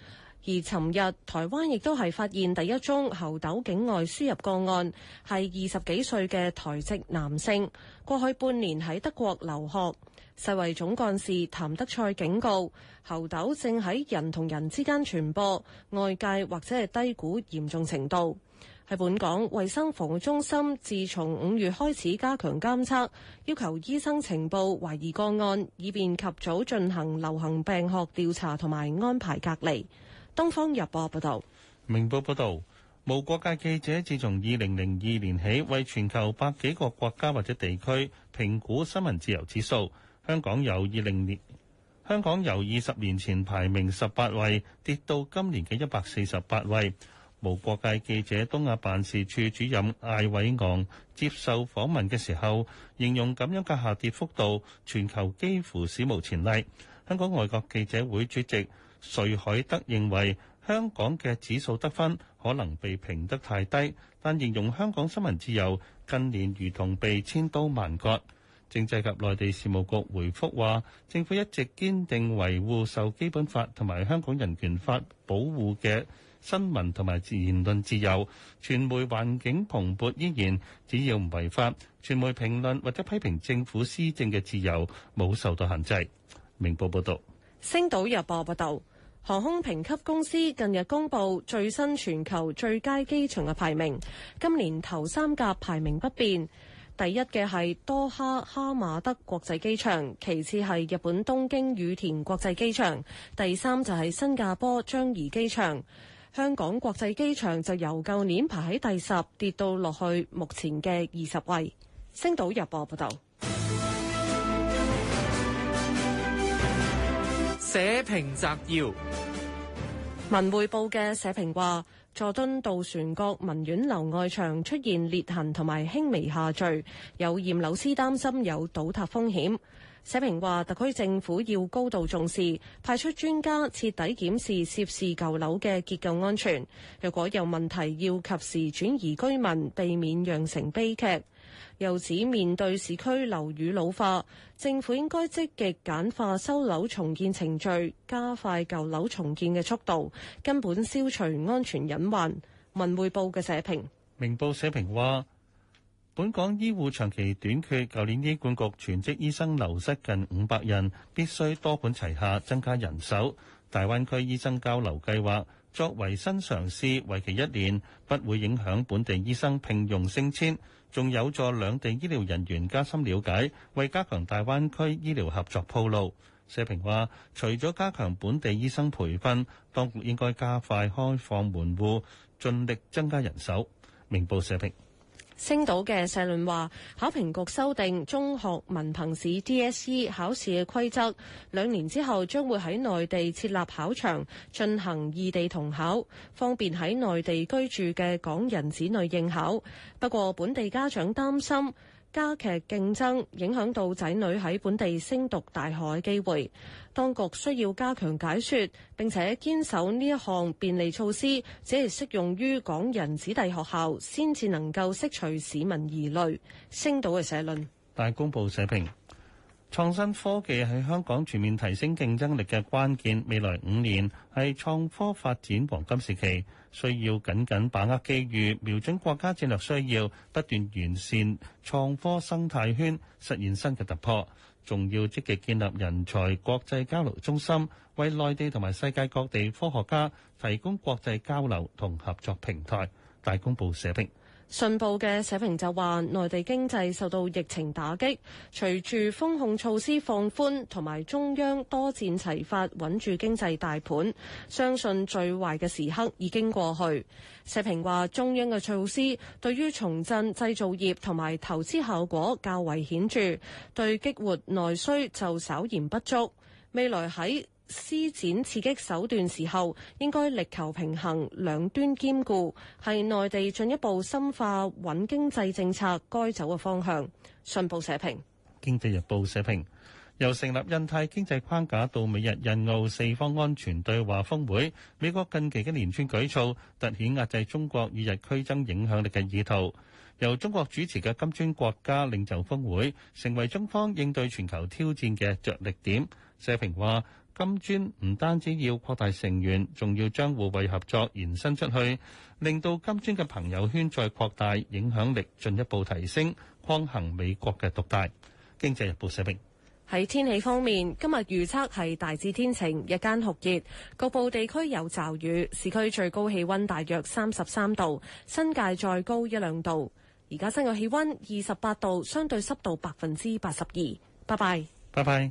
而尋日台灣亦都係發現第一宗猴痘境外輸入個案，係二十幾歲嘅台籍男性，過去半年喺德國留學。世衛總幹事譚德塞警告，猴痘正喺人同人之間傳播，外界或者係低估嚴重程度。喺本港衛生防護中心，自從五月開始加強監測，要求醫生呈報懷疑個案，以便及早進行流行病學調查同埋安排隔離。東方日報報道，明報報道，無國界記者自從二零零二年起，為全球百幾個國家或者地區評估新聞自由指數，香港由二零年香港由二十年前排名十八位，跌到今年嘅一百四十八位。無國界記者東亞辦事處主任艾偉昂接受訪問嘅時候，形容咁樣嘅下跌幅度，全球幾乎史無前例。香港外國記者會主席，瑞海德認為，香港的指數得分可能被評得太低，但形容香港新聞自由，近年如同被千刀萬割。政制及內地事務局回覆話政府一直堅定維護受基本法同埋香港人權法保護的，新聞同埋言論自由，傳媒環境蓬勃依然。只要唔違法，傳媒評論或者批評政府施政嘅自由冇受到限制。明報報導，星島日報報導，航空評級公司近日公布最新全球最佳機場嘅排名。今年頭三甲排名不變，第一嘅係多哈哈馬德國際機場，其次係日本東京羽田國際機場，第三就係新加坡樟宜機場。香港國際機場就由舊年排喺第十跌到落去目前嘅二十位。星島日報報道，社評摘要。文匯報嘅社評話：，佐敦渡船角文苑樓外牆出現裂痕同埋輕微下墜，有驗樓師擔心有倒塌風險。社評話，特區政府要高度重視，派出專家徹底檢視涉事舊樓嘅結構安全，若果有問題，要及時轉移居民，避免釀成悲劇。又指面對市區樓宇老化，政府應該積極簡化收樓重建程序，加快舊樓重建嘅速度，根本消除安全隱患。文匯報嘅社評，明報社評話。本港醫護長期短缺，舊年醫管局全職醫生流失近五百人，必須多管齊下增加人手。大灣區醫生交流計劃作為新嘗試，為期一年，不會影響本地醫生聘用升遷，仲有助兩地醫療人員加深了解，為加強大灣區醫療合作鋪路。社評話，除咗加強本地醫生培訓，當局應該加快開放門戶，盡力增加人手。明報社評。星島嘅社論話，考評局修訂中學文憑試 DSE 考試嘅規則，兩年之後將會喺內地設立考場，進行異地同考，方便喺內地居住嘅港人子女應考。不過本地家長擔心。加劇競爭，影響到仔女喺本地升讀大學嘅機會。當局需要加強解説，並且堅守呢一項便利措施只係適用於港人子弟學校，先至能夠釋除市民疑慮。星島嘅社論。大公報社評。創新科技係香港全面提升競爭力嘅關鍵，未來五年係創科發展黃金時期，需要緊緊把握機遇，瞄準國家戰略需要，不斷完善創科生態圈，實現新嘅突破。仲要積極建立人才國際交流中心，為內地同埋世界各地科學家提供國際交流同合作平台。大公報社評。信報嘅社評就話，內地經濟受到疫情打擊，隨住封控措施放寬，同埋中央多戰齊發，穩住經濟大盤，相信最壞嘅時刻已經過去。社評話，中央嘅措施對於重振製造業同埋投資效果較為顯著，對激活內需就稍嫌不足。未來喺施展刺激手段時候，應該力求平衡，兩端兼顧，係內地進一步深化穩經濟政策該走嘅方向。信報社評。經濟日報社評，由成立印太經濟框架到美日印澳四方安全對話峰會，美國近期嘅連串舉措凸顯壓制中國與日俱增影響力嘅意圖，由中國主持嘅金磚國家領袖峰會成為中方應對全球挑戰嘅着力點。社評話，金磚唔單止要擴大成員，仲要將互惠合作延伸出去，令到金磚嘅朋友圈再擴大，影響力進一步提升，抗衡美國嘅獨大。經濟日報社評。喺天氣方面，今日預測係大致天晴，日間酷熱，局部地區有驟雨。市區最高氣溫大約三十三度，新界再高一兩度。而家新嘅氣溫二十八度，相對濕度百分之八十二。拜拜。拜拜。